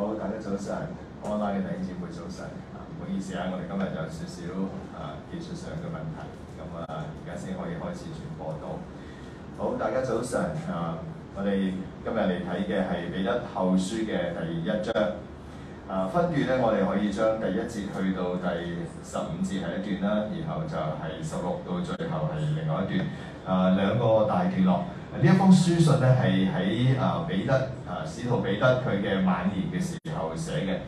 好，大家早晨，安拉嘅弟兄姊妹早晨。唔好意思啊，我哋今日有少少啊技術上嘅問題，咁啊而家先可以開始傳播到。好，大家早晨。啊，我哋今日嚟睇嘅係彼得後書嘅第一章。啊，分段呢，我哋可以將第一節去到第十五節係一段啦，然後就係十六到最後係另外一段。啊，兩個大段落。呢一封書信呢，係喺啊彼得。使徒彼得佢嘅晚年嘅時候寫嘅，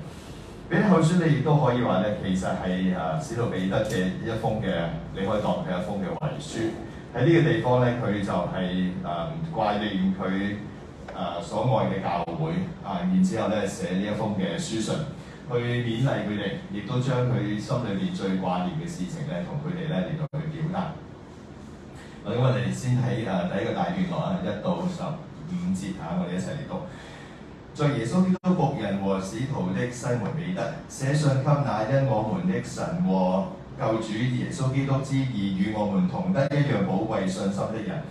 彼得後書你亦都可以話咧，其實係誒使徒彼得嘅一封嘅，你可以當佢一封嘅遺書。喺呢個地方咧，佢就係誒唔掛念佢誒所愛嘅教會，啊，然之後咧寫呢一封嘅書信，去勉勵佢哋，亦都將佢心裏邊最掛念嘅事情咧，同佢哋咧嚟到去表達。好，我哋先睇誒第一個大段落啊，一到十。五節啊！我哋一齊嚟讀，在耶穌基督僕人和使徒的西門彼得寫信給那因我們的神和救主耶穌基督之義，與我們同得一樣寶貴信心的人，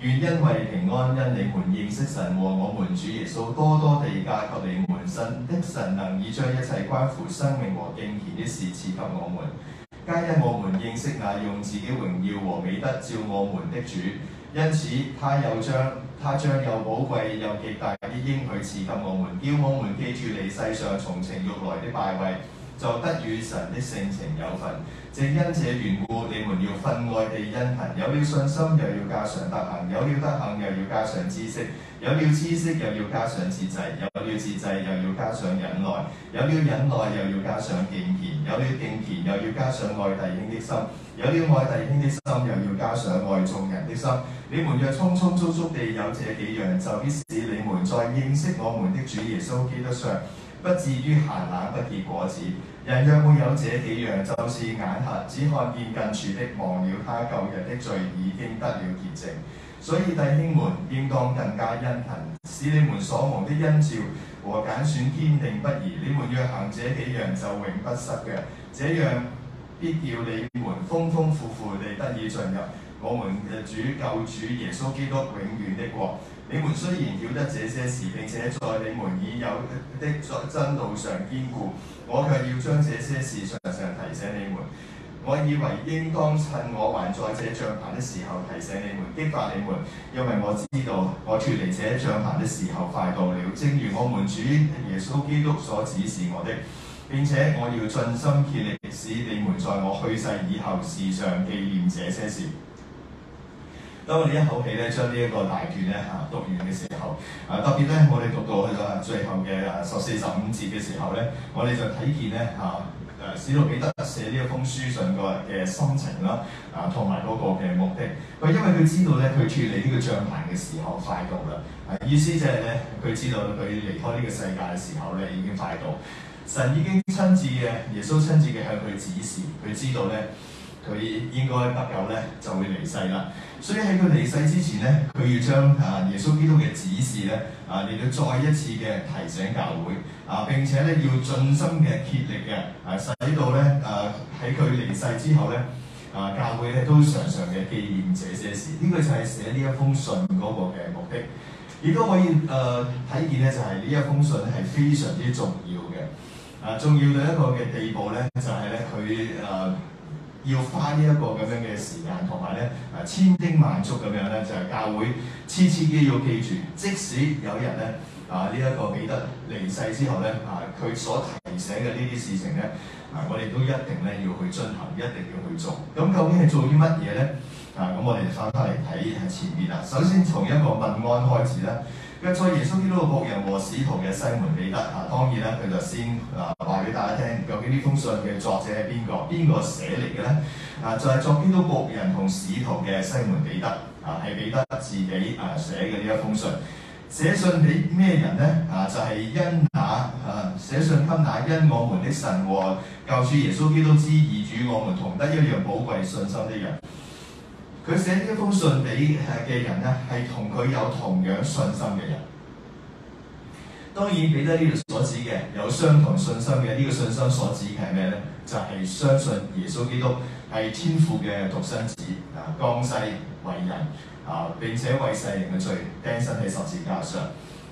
願因為平安，因你們認識神和我們主耶穌，多多地加給你們神的神能，以將一切關乎生命和敬虔的事賜給我們。皆因我們認識那用自己榮耀和美德照我們的主。因此，他又將他將又寶貴又極大啲應許賜給我們。叫我們記住你世上從情欲來的敗壞，就得與神的性情有份。正因這緣故，你們要分外地殷勤。有了信心，又要加上德行；有了德行，又要加上知識；有了知識，又要加上自制；有了自制，又要加上忍耐；有了忍耐，又要加上敬虔；有了敬虔，又要加上愛弟兄的心。有了愛弟兄的心，又要加上愛眾人的心。你們若充充足足地有這幾樣，就必使你們在認識我們的主耶穌基督上，不至於閒懶不結果子。人若沒有，有這幾樣，就是眼瞎，只看見近處的，忘了他舊日的罪已經得了潔淨。所以弟兄們，應當更加殷勤，使你們所蒙的恩召和揀選堅定不移。你們若行這幾樣，就永不失腳。這樣，必叫你們豐豐富富地得以進入我們嘅主救主耶穌基督永遠的國。你們雖然曉得這些事，並且在你們已有的真道上堅固，我卻要將這些事常常提醒你們。我以為應該趁我還在這帳棚的時候提醒你們、激發你們，因為我知道我脫離這帳棚的時候快到了。正如我們主耶穌基督所指示我的。並且我要盡心竭力，使你們在我去世以後，時常記念這些事。當我哋一口氣咧，將呢一個大段咧嚇讀完嘅時候，啊特別咧，我哋讀到去咗最後嘅十四十五節嘅時候咧，我哋就睇見咧嚇誒，使徒彼得寫呢一封書信個嘅心情啦，啊同埋嗰個嘅目的，佢因為佢知道咧，佢處理呢個帳篷嘅時候快到啦，意思就係咧，佢知道佢離開呢個世界嘅時候咧已經快到。神已經親自嘅，耶穌親自嘅向佢指示，佢知道咧，佢應該不久咧就會離世啦。所以喺佢離世之前咧，佢要將啊耶穌基督嘅指示咧啊，嚟到再一次嘅提醒教會啊，並且咧要盡心嘅竭力嘅啊，使到咧啊喺佢離世之後咧啊，教會咧都常常嘅記念這些事。呢個就係寫呢一封信嗰個嘅目的，亦都可以誒睇見咧，就係呢一封信咧係非常之重要嘅。啊，重要到一個嘅地步咧，就係咧，佢啊要花呢一個咁樣嘅時間，同埋咧啊千叮萬囑咁樣咧，就係教會黐黐啲要記住，即使有一日咧啊呢一個彼得離世之後咧啊，佢所提醒嘅呢啲事情咧啊，我哋都一定咧要去進行，一定要去做。咁究竟係做啲乜嘢咧？啊，咁我哋翻翻嚟睇下前面啊，首先從一個問安開始啦。作耶穌基督僕人和使徒嘅西門彼得啊，當然咧佢就先啊話俾大家聽，究竟呢封信嘅作者係邊個？邊個寫嚟嘅咧？啊，就係、是、作基督僕人同使徒嘅西門彼得啊，係彼得自己啊寫嘅呢一封信。寫信俾咩人咧？啊，就係、是、因那啊寫信給那因我們的神和救主耶穌基督之義主我們同得一樣寶貴信心的人。佢寫呢一封信俾誒嘅人咧，係同佢有同樣信心嘅人。當然，彼得呢度所指嘅有相同信心嘅，呢、這個信心所指嘅係咩咧？就係、是、相信耶穌基督係天父嘅獨生子啊，降世為人啊，並且為世人嘅罪釘身喺十字架上，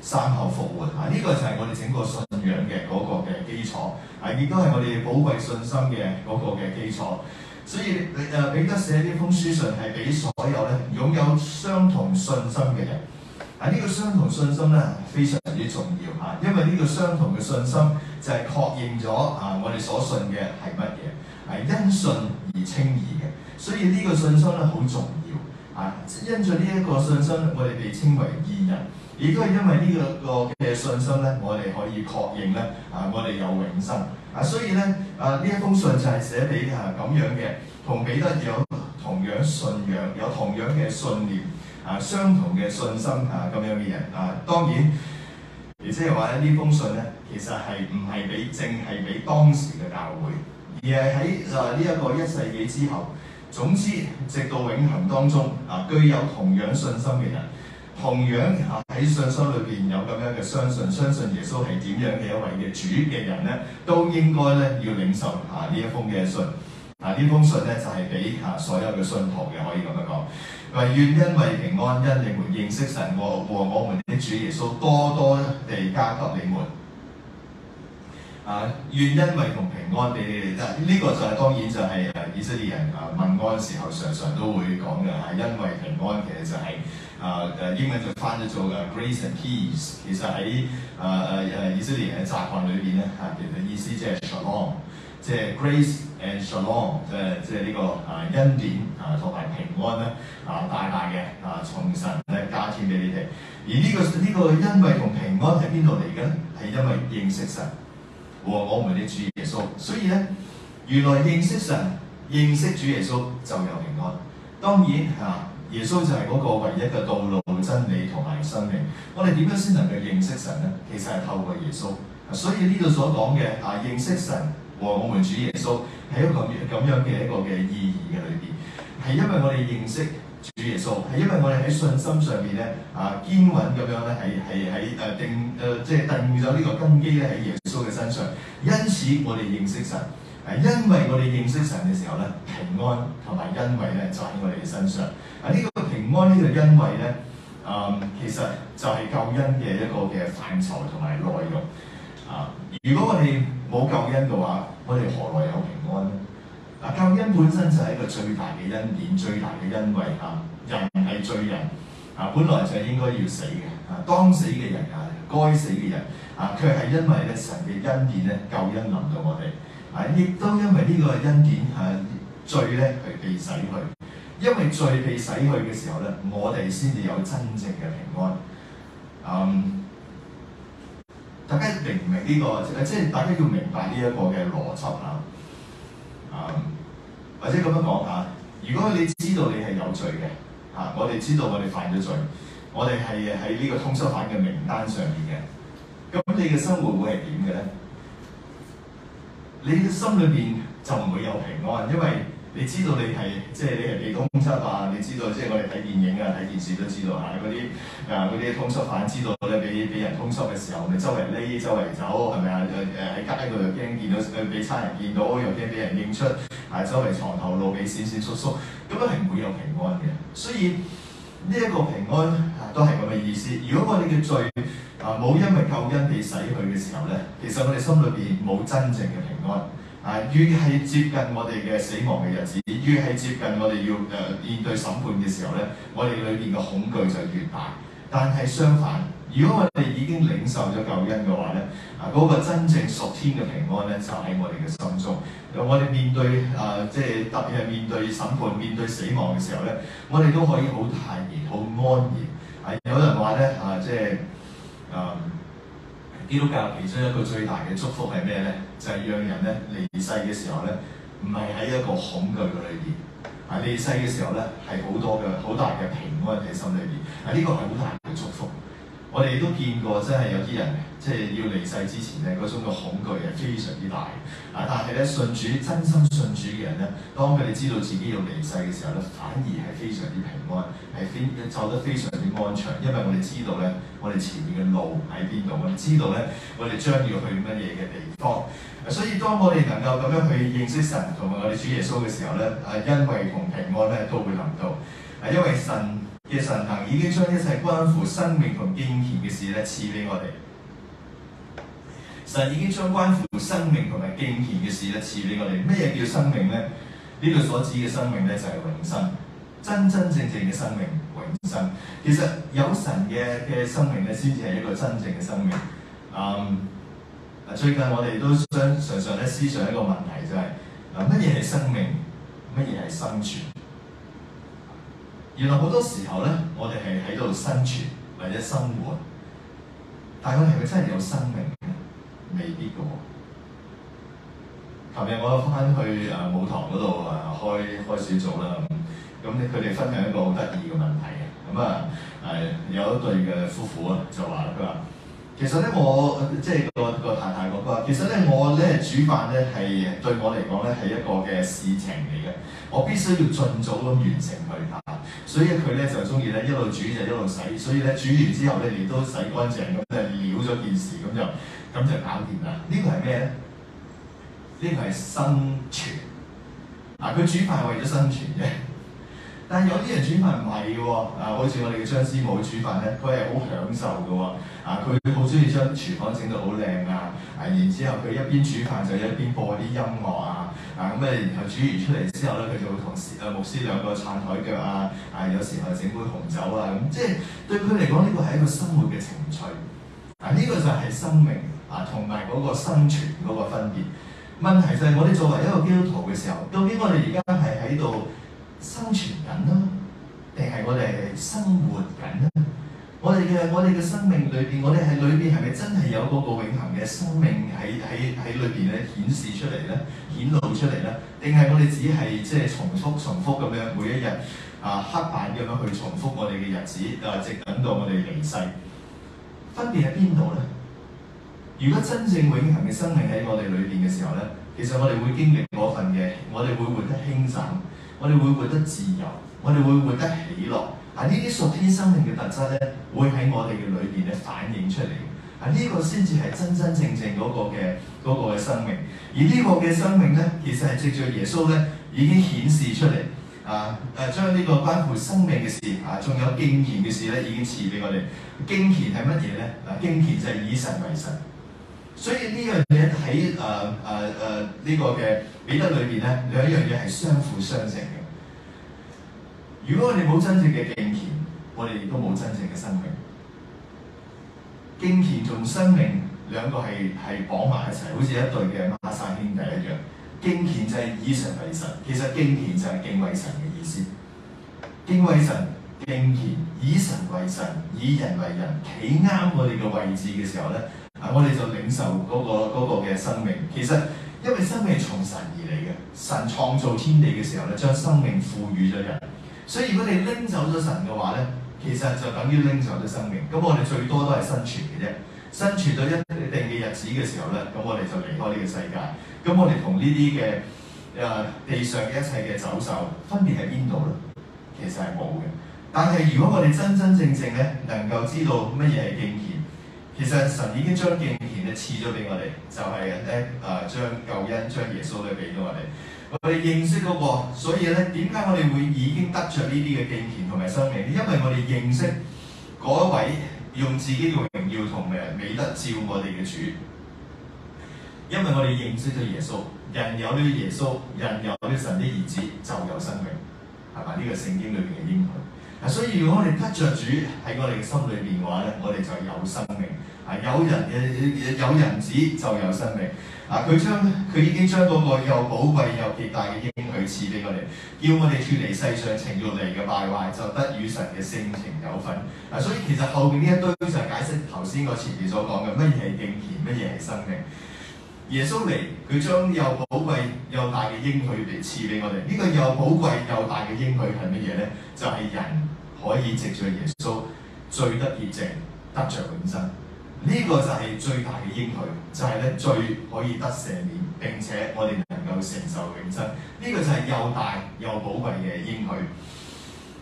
三後復活。嚇、啊，呢、這個就係我哋整個信仰嘅嗰個嘅基礎，係、啊、亦都係我哋寶貴信心嘅嗰個嘅基礎。所以你誒彼得寫呢封書信係俾所有咧擁有相同信心嘅人，啊呢、呢個相同信心咧非常之重要嚇、啊，因為呢個相同嘅信心就係確認咗啊我哋所信嘅係乜嘢，係因信而稱義嘅，所以呢個信心咧好重要啊，因著呢一個信心，我哋被稱為義人。亦都係因為呢個嘅信心咧，我哋可以確認咧，啊，我哋有永生啊，所以咧，啊，呢一封信就係寫俾啊咁樣嘅，同彼得有同樣信仰，有同樣嘅信念，啊相同嘅信心啊咁樣嘅人啊。當然，亦即係話咧，呢封信咧，其實係唔係俾正係俾當時嘅教會，而係喺啊呢一個一世紀之後，總之，直到永恆當中，啊，具有同樣信心嘅人。同樣喺信心裏邊有咁樣嘅相信，相信耶穌係點樣嘅一位嘅主嘅人咧，都應該咧要領受下呢一封嘅信。嗱、啊，呢封信咧就係俾嚇所有嘅信徒嘅，可以咁樣講。願恩惠平安，因你們認識神和和我，我們的主耶穌，多多地加給你們。啊，願恩惠同平安，俾你哋得呢個就係、是、當然就係以色列人啊，啊問安時候常常都會講嘅，係、啊、恩惠平安其實就係、是。啊！Uh, 英文就翻咗做啊，grace and peace。其實喺啊啊啊以色列人嘅習慣裏邊咧，啊其實意思 shalom，即係 shalom 即係 grace and shalom 即係即係呢個啊恩典啊同埋平安啦，啊大大嘅啊從神咧加添俾你哋。而呢個呢個恩惠同平安喺邊度嚟嘅咧？係因為認識神和我們嘅主耶穌。所以咧，原來認識神、認識主耶穌就有平安。當然嚇。啊耶穌就係嗰個唯一嘅道路、真理同埋生命。我哋點樣先能夠認識神呢？其實係透過耶穌。所以呢度所講嘅啊，認識神和我們主耶穌係一個咁樣嘅一個嘅意義嘅裏面。係因為我哋認識主耶穌，係因為我哋喺信心上面呢，啊堅穩咁樣呢，係係、啊、定誒即係定咗呢個根基咧喺耶穌嘅身上。因此我哋認識神。因為我哋認識神嘅時候咧，平安同埋恩惠咧，就喺我哋嘅身上。啊，呢個平安，呢個恩惠咧，誒、嗯，其實就係救恩嘅一個嘅範疇同埋內容。啊，如果我哋冇救恩嘅話，我哋何來有平安咧？啊，救恩本身就係一個最大嘅恩典、最大嘅恩惠。啊，人係罪人。啊，本來就應該要死嘅。啊，當死嘅人啊，該死嘅人啊，佢係因為咧神嘅恩典咧，救恩臨到我哋。係，亦都因為個因、啊、呢個恩典係罪咧係被洗去，因為罪被洗去嘅時候咧，我哋先至有真正嘅平安。嗯，大家明唔明呢個？即係大家要明白呢一個嘅邏輯啊。嗯，或者咁樣講下：如果你知道你係有罪嘅嚇、啊，我哋知道我哋犯咗罪，我哋係喺呢個通緝犯嘅名單上面嘅，咁你嘅生活會係點嘅咧？你嘅心裏邊就唔會有平安，因為你知道你係即係你係被通緝啊！你知道即係、就是、我哋睇電影啊、睇電視都知道嚇啲啊嗰啲通緝犯，知道咧俾俾人通緝嘅時候，你周圍匿、周圍走，係咪啊？誒喺街度又驚見到俾差人見到，又驚俾人認出，係、啊、周圍藏頭露尾、閃閃縮縮，咁樣係唔會有平安嘅。所以呢一、這個平安。都係咁嘅意思。如果我哋嘅罪啊冇因為救恩被洗去嘅時候呢，其實我哋心裏邊冇真正嘅平安啊。越係接近我哋嘅死亡嘅日子，越係接近我哋要誒、呃、面對審判嘅時候呢，我哋裏面嘅恐懼就越大。但係相反，如果我哋已經領受咗救恩嘅話呢，啊嗰、那個真正屬天嘅平安呢，就喺我哋嘅心中。我哋面對啊，即係特別係面對審判、面對死亡嘅時候呢，我哋都可以好泰然、好安然。有人話咧，啊，即係，嗯，基督教其中一個最大嘅祝福係咩咧？就係、是、讓人咧離世嘅時候咧，唔係一個恐懼嘅裏邊，啊離世嘅時候咧係好多嘅好多人嘅平安喺心裏邊，啊，呢是很很啊、呢個係好大嘅祝福。我哋都見過，真係有啲人，即係要離世之前咧，嗰種嘅恐懼係非常之大。啊，但係咧，信主真心信主嘅人咧，當佢哋知道自己要離世嘅時候咧，反而係非常之平安，係非走得非常之安詳。因為我哋知道咧，我哋前面嘅路喺邊度，我哋知道咧，我哋將要去乜嘢嘅地方，啊。所以當我哋能夠咁樣去認識神同埋我哋主耶穌嘅時候咧，啊，恩惠同平安咧都會臨到。啊，因為神。嘅神行已經將一切關乎生命同敬虔嘅事咧賜俾我哋，神已經將關乎生命同埋敬虔嘅事咧賜俾我哋。咩嘢叫生命咧？呢度所指嘅生命咧就係永生，真真正正嘅生命永生。其實有神嘅嘅生命咧先至係一個真正嘅生命。嗯，最近我哋都想常常咧思想一個問題，就係啊，乜嘢係生命？乜嘢係生存？原來好多時候咧，我哋係喺度生存或者生活，但係佢係咪真係有生命嘅？未必㗎喎。琴日我翻去誒母堂嗰度誒開開小組啦，咁咁咧佢哋分享一個好得意嘅問題嘅，咁啊誒有一對嘅夫婦就話，佢話其實咧我即係個個太太講，佢話其實咧我咧煮飯咧係對我嚟講咧係一個嘅事情嚟嘅。我必須要盡早咁完成佢吓、啊，所以佢咧就中意咧一路煮就一路洗，所以咧煮完之後咧亦都洗乾淨咁就撩咗件事咁就咁就搞掂啦。呢個係咩咧？呢個係生存啊！佢煮飯係為咗生存啫，但係有啲人煮飯唔係喎啊！好似我哋嘅張師母煮飯咧，佢係好享受嘅喎啊！佢好中意將廚房整到好靚啊！啊，然之後佢一邊煮飯就一邊播啲音樂啊！嗱咁誒，然後煮完出嚟之後咧，佢就會同司誒牧師兩個撐台腳啊，啊有時候整杯紅酒啊，咁即係對佢嚟講呢個係一個生活嘅情趣。嗱呢個就係生命啊，同埋嗰個生存嗰個分別。問題就係我哋作為一個基督徒嘅時候，究竟我哋而家係喺度生存緊啦，定係我哋係生活緊咧？我哋嘅我哋嘅生命裏邊，我哋喺裏邊係咪真係有嗰個永恆嘅生命喺喺喺裏邊咧顯示出嚟咧，顯露出嚟咧？定係我哋只係即係重，重複重複咁樣，每一日啊刻板咁樣去重複我哋嘅日子，啊，直等到我哋離世，分別喺邊度咧？如果真正永恆嘅生命喺我哋裏邊嘅時候咧，其實我哋會經歷嗰份嘅，我哋會活得輕省，我哋會活得自由。我哋會活得喜樂，啊！呢啲屬天生命嘅特質咧，會喺我哋嘅裏邊咧反映出嚟嘅，啊！呢、這個先至係真真正正嗰個嘅嗰個嘅生命，而呢個嘅生命咧，其實係藉住耶穌咧已經顯示出嚟，啊！誒將呢個關乎生命嘅事，啊，仲有敬虔嘅事咧，已經賜俾我哋。敬虔係乜嘢咧？啊！敬虔就係以神為神，所以呢樣嘢喺誒誒誒呢個嘅、啊啊啊這個、彼得裏邊咧，兩樣嘢係相輔相成嘅。如果我哋冇真正嘅敬虔，我哋亦都冇真正嘅生命。敬虔同生命兩個係係綁埋一齊，好似一對嘅孖生兄弟一樣。敬虔就係以神為神，其實敬虔就係敬畏神嘅意思。敬畏神、敬虔，以神為神，以人為人，企啱我哋嘅位置嘅時候咧，啊，我哋就領受嗰個、嗰個嘅生命。其實因為生命係從神而嚟嘅，神創造天地嘅時候咧，將生命賦予咗人。所以如果你拎走咗神嘅話咧，其實就等於拎走咗生命。咁我哋最多都係生存嘅啫，生存到一定嘅日子嘅時候咧，咁我哋就離開呢個世界。咁我哋同呢啲嘅誒地上嘅一切嘅走獸分別喺邊度咧？其實係冇嘅。但係如果我哋真真正正咧能夠知道乜嘢係敬虔，其實神已經將敬虔咧賜咗俾我哋，就係咧誒將救恩、將耶穌都俾咗我哋。我哋認識嗰、那個，所以咧點解我哋會已經得着呢啲嘅敬虔同埋生命？因為我哋認識嗰位用自己嘅榮耀同誒美德照我哋嘅主。因為我哋認識咗耶穌，人有呢耶穌，人有呢神的兒子，就有生命，係咪？呢、這個聖經裏邊嘅應許。嗱，所以如果我哋得着主喺我哋嘅心裏邊嘅話咧，我哋就有生命。係有人嘅有人子就有生命。嗱，佢將佢已經將嗰個又寶貴又極大嘅應許賜俾我哋，叫我哋脱離世上情欲嚟嘅敗壞，就得與神嘅性情有份。啊，所以其實後邊呢一堆就係解釋頭先我前面所講嘅乜嘢係敬虔，乜嘢係生命。耶穌嚟，佢將又寶貴又大嘅應許嚟賜俾我哋。呢、這個又寶貴又大嘅應許係乜嘢咧？就係、是、人可以藉著耶穌罪得意正得著本身。呢個就係最大嘅應許，就係、是、咧最可以得赦免，並且我哋能夠承受永生。呢、這個就係又大又寶貴嘅應許，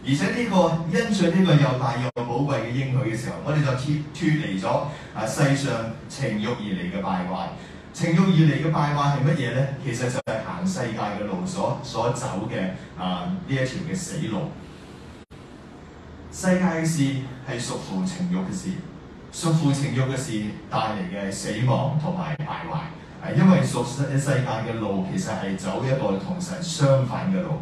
而且呢、這個因住呢個又大又寶貴嘅應許嘅時候，我哋就脫脫離咗啊世上情慾而嚟嘅敗壞。情慾而嚟嘅敗壞係乜嘢咧？其實就係行世界嘅路所所走嘅啊呢一條嘅死路。世界嘅事係屬乎情慾嘅事。屬父情欲嘅事帶嚟嘅死亡同埋敗壞，係、啊、因為屬世世界嘅路其實係走一個同神相反嘅路，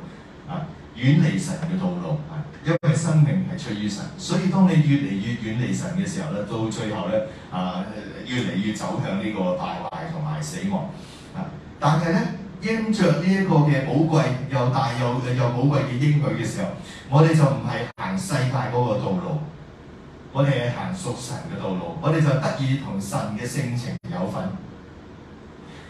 啊遠離神嘅道路，係、啊、因為生命係出於神，所以當你越嚟越遠離神嘅時候咧，到最後咧啊越嚟越走向呢個敗壞同埋死亡，啊但係咧應着呢一個嘅寶貴又大又又寶貴嘅應許嘅時候，我哋就唔係行世界嗰個道路。我哋係行屬神嘅道路，我哋就得以同神嘅性情有份。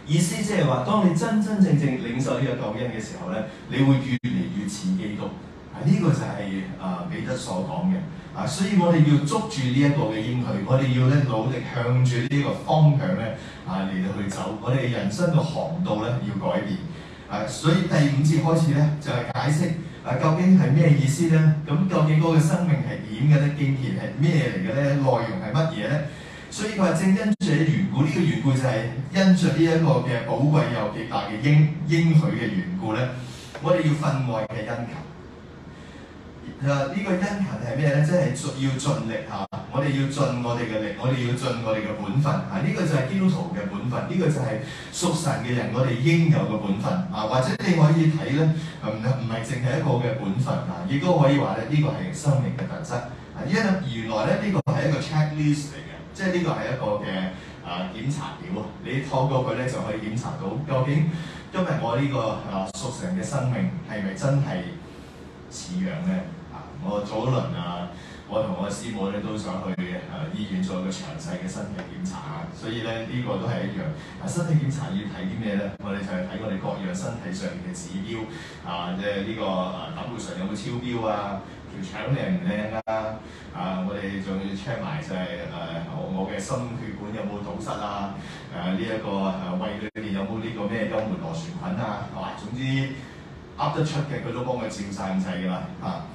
意思即係話，當你真真正正領受呢個救恩嘅時候咧，你會越嚟越似基督。啊，呢個就係啊彼得所講嘅。啊，所以我哋要捉住呢一個嘅應許，我哋要咧努力向住呢個方向咧啊嚟到去走。我哋人生嘅航道咧要改變。啊，所以第五節開始咧就係解釋。誒究竟係咩意思咧？咁究竟嗰個生命係點嘅咧？敬虔係咩嚟嘅咧？內容係乜嘢咧？所以佢話正因住嘅緣故，呢、這個緣故就係因著呢一個嘅寶貴又極大嘅應應許嘅緣故咧，我哋要分外嘅殷勤。啊！這個 D er、呢個殷勤係咩咧？即係要盡力嚇、啊，我哋要盡我哋嘅力，我哋要盡我哋嘅本分。啊！呢、這個就係基督徒嘅本分，呢、這個就係屬神嘅人我哋應有嘅本分。啊！或者你可以睇咧，唔唔係淨係一個嘅本分啊，亦都可以話咧，呢、這個係生命嘅特質。啊！一原來咧，呢、這個係一個 check list 嚟嘅，即係呢個係一個嘅啊檢查表啊。你透過佢咧就可以檢查到究竟今日、這個，因為我呢個啊屬神嘅生命係咪真係似樣咧？我早輪啊！我同我師母咧都想去誒、呃、醫院做一個詳細嘅身體檢查啊，所以咧呢、這個都係一樣。啊，身體檢查要睇啲咩咧？我哋就係睇我哋各樣身體上面嘅指標啊，即係呢個誒膽固醇有冇超標啊？條腸靚唔靚啊？啊、呃，我哋仲要 check 埋就係、是、誒、呃、我我嘅心血管有冇堵塞啊？誒呢一個誒、呃、胃裏邊有冇呢個咩幽門螺旋菌啊？係、呃、嘛，總之噏得出嘅佢都幫佢照曬曬㗎啦嚇。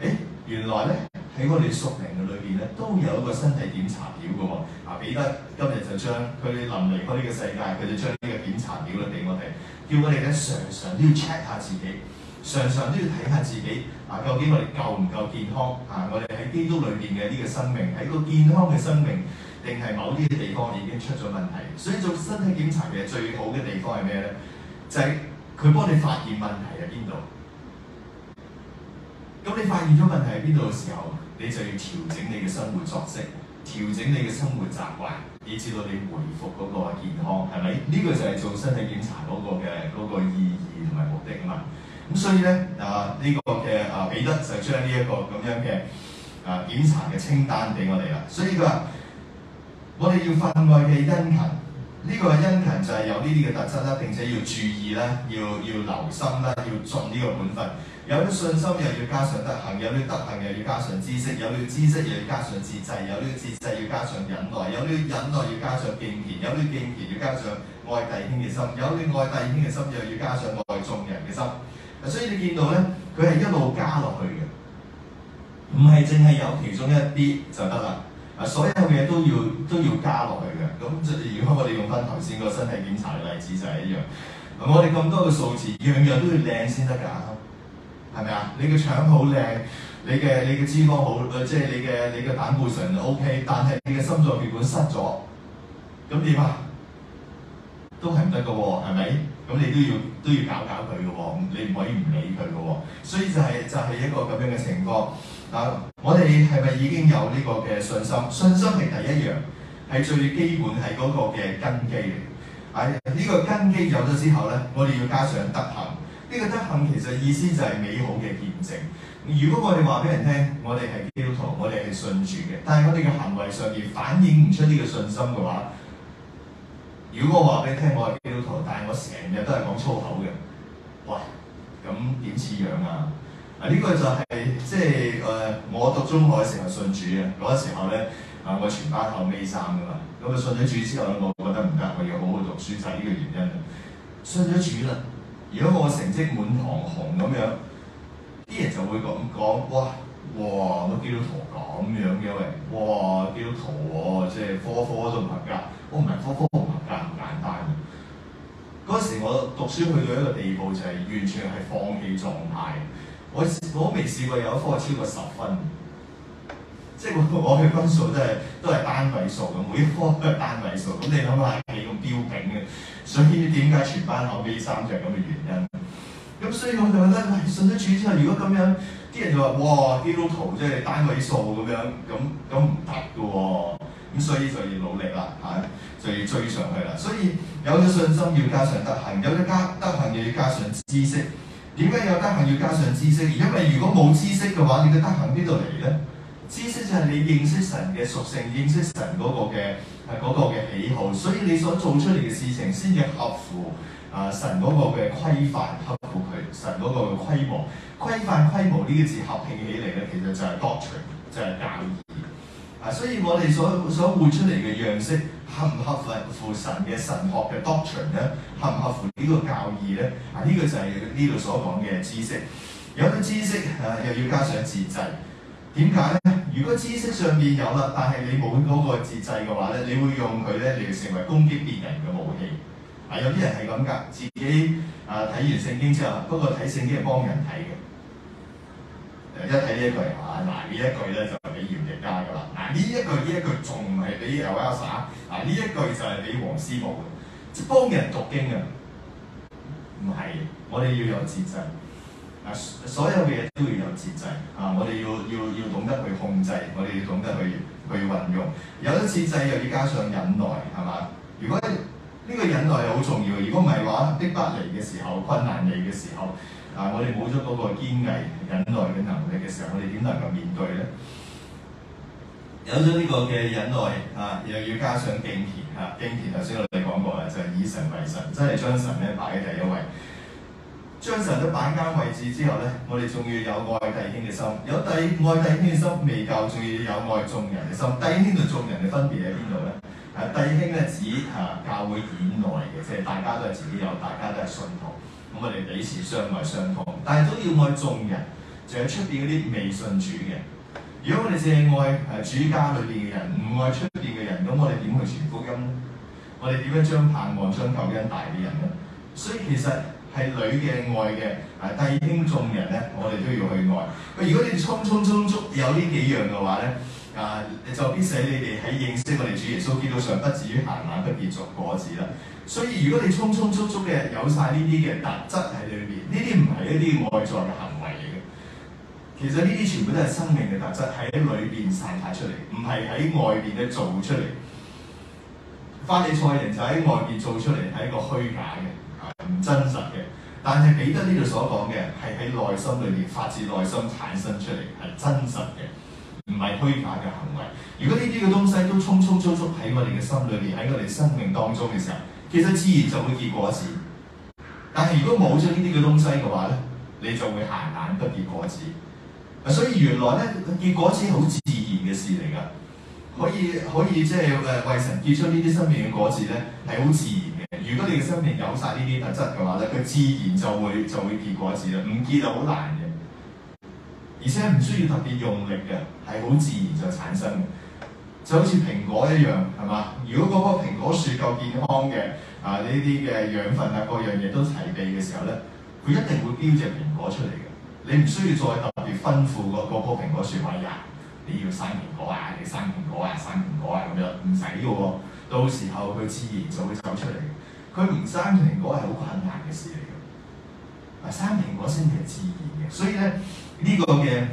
誒原來咧喺我哋宿命嘅裏邊咧，都有一個身體檢查表㗎喎。嗱，彼得今日就將佢哋臨離開呢個世界，佢就將呢個檢查表咧俾我哋，叫我哋咧常常都要 check 下自己，常常都要睇下自己，嗱、啊、究竟我哋夠唔夠健康啊？我哋喺基督裏邊嘅呢個生命，喺個健康嘅生命，定係某啲地方已經出咗問題。所以做身體檢查嘅最好嘅地方係咩咧？就係佢幫你發現問題喺邊度。咁你發現咗問題喺邊度嘅時候，你就要調整你嘅生活作息，調整你嘅生活習慣，以至到你恢復嗰個健康，係咪？呢、這個就係做身體檢查嗰個嘅嗰、那個、意義同埋目的啊嘛。咁所以咧，啊呢、這個嘅啊彼得就將呢一個咁樣嘅啊檢查嘅清單俾我哋啦。所以佢話：我哋要分外嘅殷勤，呢、這個殷勤就係有呢啲嘅特質啦、啊，並且要注意啦、啊，要要留心啦、啊，要盡呢個本分。有啲信心又要加上德行，有啲德行又要加上知識，有啲知識又要加上自制，有啲自制要加上忍耐，有啲忍耐要加上敬虔，有啲敬虔要加上愛弟兄嘅心，有啲愛弟兄嘅心又要加上愛眾人嘅心。所以你見到咧，佢係一路加落去嘅，唔係淨係有其中一啲就得啦。啊，所有嘢都要都要加落去嘅。咁就如果我哋用翻頭先個身體檢查嘅例子就係一樣。我哋咁多嘅數字，樣樣都要靚先得㗎。係咪啊？你嘅腸好靚，你嘅你嘅脂肪好，即係你嘅你嘅膽固醇 OK，但係你嘅心臟血管塞咗，咁點啊？都係唔得㗎喎，係咪？咁你都要都要搞搞佢㗎喎，你唔可以唔理佢㗎喎。所以就係、是、就係一個咁樣嘅情況。啊，我哋係咪已經有呢個嘅信心？信心係第一樣，係最基本係嗰個嘅根基嚟。喺呢個根基有咗之後咧，我哋要加上德行。呢個德行其實意思就係美好嘅見證。如果我哋話俾人聽，我哋係基督徒，我哋係信主嘅，但係我哋嘅行為上面反映唔出呢個信心嘅話，如果我話俾你聽，我係基督徒，但係我成日都係講粗口嘅，喂，咁點似樣啊？啊，呢個就係、是、即係誒、呃，我讀中學嘅時候信主啊，嗰時候咧啊、呃，我全班頭尾散噶嘛。咁啊，信咗主之後咧，我覺得唔得，我要好好讀書，就係、是、呢個原因信咗主啦。如果我成績滿堂紅咁樣，啲人就會咁講：哇，哇，我基督徒咁樣嘅喂，哇，基督徒喎，即係科科都唔合格，我唔係科科唔合格咁簡單嘅。嗰時我讀書去到一個地步，就係完全係放棄狀態。我我都未試過有一科超過十分，即係我我嘅分數都係都係單位數咁，每一科都係單位數。咁你諗下係咁標青嘅？所以點解全班後邊三隻咁嘅原因？咁所以我就覺得，哎、信咗主之後，如果咁樣啲人就話：哇，基督徒即係單位數咁樣，咁咁唔得嘅喎。咁、哦、所以就要努力啦，嚇、啊，就要追上去啦。所以有咗信心，要加上德行；有咗得德行，又要加上知識。點解有德行要加上知識？因為如果冇知識嘅話，你嘅德行邊度嚟咧？知識就係你認識神嘅屬性，認識神嗰個嘅誒嗰個嘅喜好，所以你所做出嚟嘅事情先至合乎誒、啊、神嗰個嘅規範，合乎佢神嗰個規模。規範規模呢、這個字合併起嚟咧，其實就係 doctrine，就係教義。啊，所以我哋所所活出嚟嘅樣式合唔合，合乎神嘅神學嘅 doctrine 咧？合唔合乎呢個教義咧？啊，呢、這個就係呢度所講嘅知識。有咗知識誒、啊，又要加上自制。點解咧？如果知識上面有啦，但係你冇嗰個節制嘅話咧，你會用佢咧嚟成為攻擊別人嘅武器。啊，有啲人係咁㗎，自己啊、呃、睇完聖經之後，不過睇聖經係幫人睇嘅。一睇呢一句嚇，嗱呢一句咧就係俾姚力嘉㗎啦。嗱呢一句呢、啊、一句仲唔係俾劉亞耍。嗱呢一句、啊、一句就係俾黃思慕嘅，即係幫人讀經啊，唔係。我哋要有節制。所有嘅嘢都要有節制啊！我哋要要要懂得去控制，我哋要懂得去去運用。有咗節制，又要加上忍耐，係嘛？如果呢個忍耐好重要，如果唔係話逼不嚟嘅時候、困難嚟嘅時候，啊，我哋冇咗嗰個堅毅忍耐嘅能力嘅時候，我哋點能夠面對咧？有咗呢個嘅忍耐啊，又要加上敬虔啊！敬虔頭先我哋講過啦，就係以神為神，真係將神咧擺喺第一位。將神都擺間位置之後咧，我哋仲要有愛弟兄嘅心，有弟愛弟兄嘅心，未夠，仲要有愛眾人嘅心。弟兄同眾人嘅分別喺邊度咧？誒，弟兄咧指誒教會內嘅，即係大家都係自己有，大家都係信徒，咁我哋彼此相愛相同，但係都要愛眾人，就係出邊嗰啲未信主嘅。如果我哋淨係愛誒主家裏邊嘅人，唔愛出邊嘅人，咁我哋點去傳福音咧？我哋點樣將盼望將救恩帶俾人咧？所以其實。係女嘅愛嘅，係、啊、弟兄眾人咧，我哋都要去愛。佢、啊、如果你哋充充充足有呢幾樣嘅話咧，啊，你就必死。你哋喺認識我哋主耶穌基督上，不至於閒懶不結作果子啦。所以如果你充充足足嘅有晒呢啲嘅特質喺裏邊，呢啲唔係一啲外在嘅行為嚟嘅。其實呢啲全部都係生命嘅特質喺裏邊散發出嚟，唔係喺外邊咧做出嚟。法利賽人就喺外邊做出嚟，係一個虛假嘅。唔真實嘅，但係彼得呢度所講嘅係喺內心裏面發自內心產生出嚟，係真實嘅，唔係虛假嘅行為。如果呢啲嘅東西都充充足足喺我哋嘅心裏面，喺我哋生命當中嘅時候，其實自然就會結果子。但係如果冇咗呢啲嘅東西嘅話咧，你就會閒閒不結果子。所以原來咧，結果子係好自然嘅事嚟㗎，可以可以即係誒為神結出呢啲生命嘅果子咧，係好自然。如果你嘅生命有晒呢啲特質嘅話咧，佢自然就會就會結果子啦，唔結就好難嘅，而且唔需要特別用力嘅，係好自然就產生嘅，就好似蘋果一樣，係嘛？如果嗰棵蘋果樹夠健康嘅，啊呢啲嘅養分啊，各樣嘢都齊備嘅時候咧，佢一定會標隻蘋果出嚟嘅。你唔需要再特別吩咐嗰個嗰棵蘋果樹話呀、啊，你要生蘋果啊，你生蘋果啊，生蘋果啊咁樣，唔使嘅喎，到時候佢自然就會走出嚟。佢連生蘋果係好困難嘅事嚟嘅，啊，生蘋果先係自然嘅，所以咧呢個嘅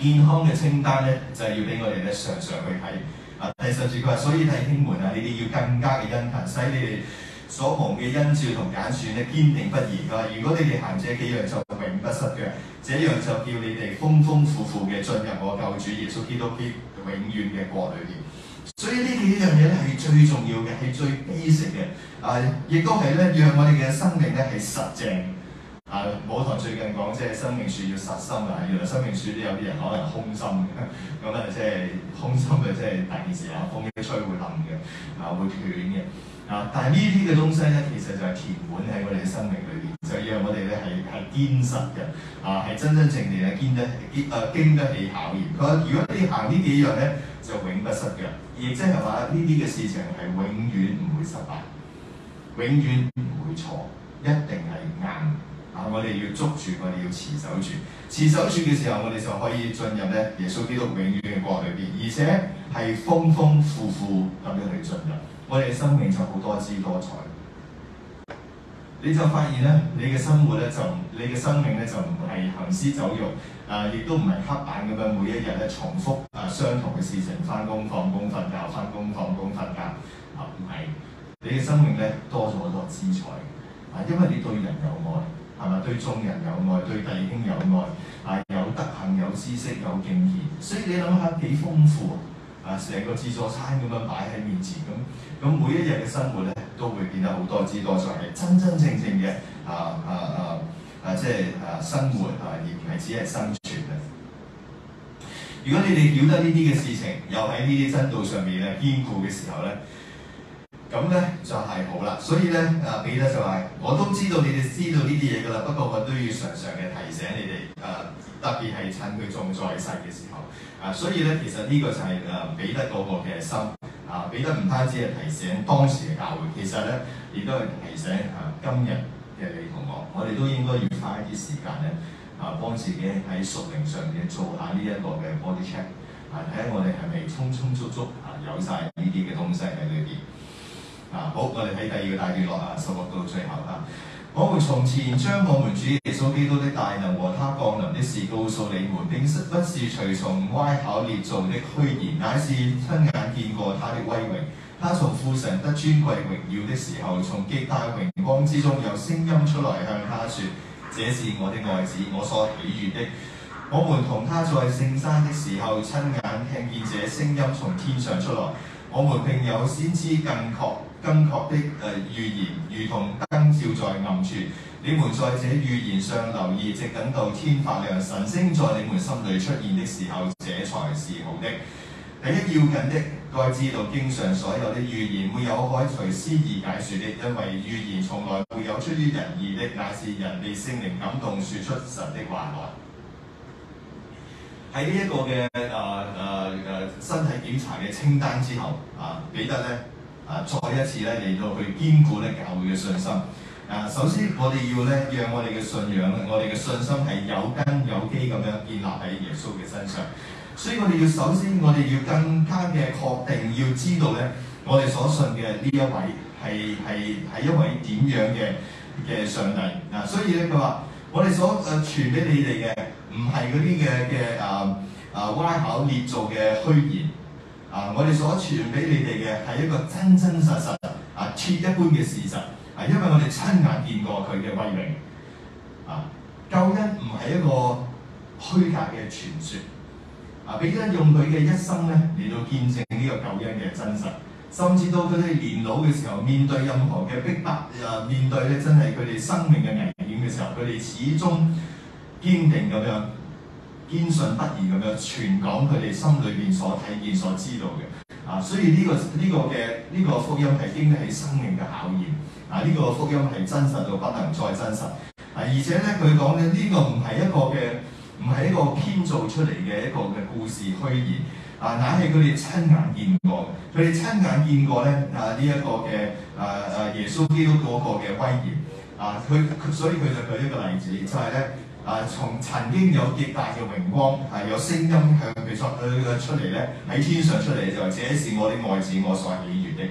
健康嘅清單咧就係要俾我哋咧常常去睇。啊，第十節佢話，所以弟兄們啊，你哋要更加嘅殷勤，使你哋所蒙嘅恩照同揀選咧堅定不移。佢話，如果你哋行這幾樣就永不失腳。這樣就叫你哋豐豐富富嘅進入我救主耶穌基督基永永遠嘅國裏面。所以呢幾樣嘢咧係最重要嘅，係最 basic 嘅。啊！亦都係咧，讓我哋嘅生命咧係實正啊！舞台最近講即係生命樹要實心嘅，原、啊、來生命樹都有啲人可能空心咁啊即係空心嘅，即係第二時候風一吹，吹會冧嘅啊，會斷嘅啊。但係呢啲嘅東西咧，其實就係填滿喺我哋嘅生命裏邊，就讓我哋咧係係堅實嘅啊，係真真正正嘅堅得堅啊，經得起考驗。佢、啊、話：如果你行呢幾樣咧，就永不失嘅，亦即係話呢啲嘅事情係永遠唔會失敗。永遠唔會錯，一定係硬啊！我哋要捉住，我哋要持守住，持守住嘅時候，我哋就可以進入咧耶穌基督永遠嘅國裏邊，而且係豐豐富富咁樣去進入。我哋嘅生命就好多姿多彩，你就發現咧，你嘅生活咧就，你嘅生命咧就唔係行屍走肉啊，亦都唔係黑板咁樣，每一日咧重複啊相同嘅事情，返工放工瞓覺，返工放工瞓覺啊，唔係。你嘅生命咧多咗好多資財啊，因為你對人有愛，係嘛？對眾人有愛，對弟兄有愛，啊，有德行，有知識，有敬虔，所以你諗下幾豐富啊！成個自助餐咁樣擺喺面前咁，咁每一日嘅生活咧都會變得好多姿多彩嘅，真真正正嘅啊啊啊啊，即係啊生活啊，而唔係只係生存嘅。如果你哋曉得呢啲嘅事情，又喺呢啲真道上面咧堅固嘅時候咧。咁咧就係、是、好啦，所以咧啊，彼得就話：我都知道你哋知道呢啲嘢噶啦，不過我都要常常嘅提醒你哋啊、呃，特別係趁佢仲在世嘅時候啊、呃。所以咧，其實呢個就係啊彼得嗰個嘅心啊，彼得唔單止係提醒當時嘅教會，其實咧亦都係提醒啊今日嘅你同我。我哋都應該要花一啲時間咧啊，幫自己喺屬靈上面做下呢一個嘅 body check，睇、啊、下我哋係咪充充足足，足啊有晒呢啲嘅東西喺裏邊。嗱、啊，好，我哋喺第二個大段落啊，十六到最後啊。我們從前將我們主耶穌基督的大能和他降臨的事告訴你們，並不是隨從乖巧捏造的虛言，乃是親眼見過他的威榮。他從父神得尊貴榮耀的時候，從極大榮光之中有聲音出來向他說：這是我的愛子，我所喜悅的。我們同他在聖山的時候，親眼聽見這聲音從天上出來。我們並有先知更確。更確的誒、呃、預言，如同燈照在暗處。你們在這預言上留意，直等到天發亮，晨星在你們心裏出現的時候，這才是好的。第一要緊的，該知道，經上所有的預言沒有可隨私意解說的，因為預言從來沒有出於人意的，乃是人被聖靈感動說出神的話來。喺呢一個嘅誒誒誒身體檢查嘅清單之後，啊、呃，記得呢。啊！再一次咧，嚟到去堅固咧教會嘅信心。啊，首先我哋要咧，讓我哋嘅信仰，我哋嘅信心係有根有基咁樣建立喺耶穌嘅身上。所以我哋要首先，我哋要更加嘅確定，要知道咧，我哋所信嘅呢一位係係係一位點樣嘅嘅上帝。嗱，所以咧佢話：我哋所誒傳俾你哋嘅，唔係嗰啲嘅嘅啊啊歪巧捏造嘅虛言。啊！我哋所傳俾你哋嘅係一個真真實實啊鐵一般嘅事實啊，因為我哋親眼見過佢嘅威榮啊！救恩唔係一個虛假嘅傳説啊！彼得用佢嘅一生咧嚟到見證呢個救恩嘅真實，甚至到佢哋年老嘅時候，面對任何嘅逼迫啊，面對咧真係佢哋生命嘅危險嘅時候，佢哋始終堅定咁樣。堅信不疑咁樣傳講佢哋心裏邊所睇見、所知道嘅啊，所以呢個呢個嘅呢個福音係經得起生命嘅考驗啊！呢個福音係真實到不能再真實啊！而且咧，佢講嘅呢個唔係一個嘅唔係一個編造出嚟嘅一個嘅故事虛言啊，乃係佢哋親眼見過，佢哋親眼見過咧啊呢一個嘅啊啊耶穌基督嗰個嘅威嚴啊，佢所以佢就舉一個例子就係咧。啊！從曾經有極大嘅榮光，係、啊、有聲音向佢作、呃、出佢出嚟咧，喺天上出嚟就係這是我的愛子，我所喜悅的。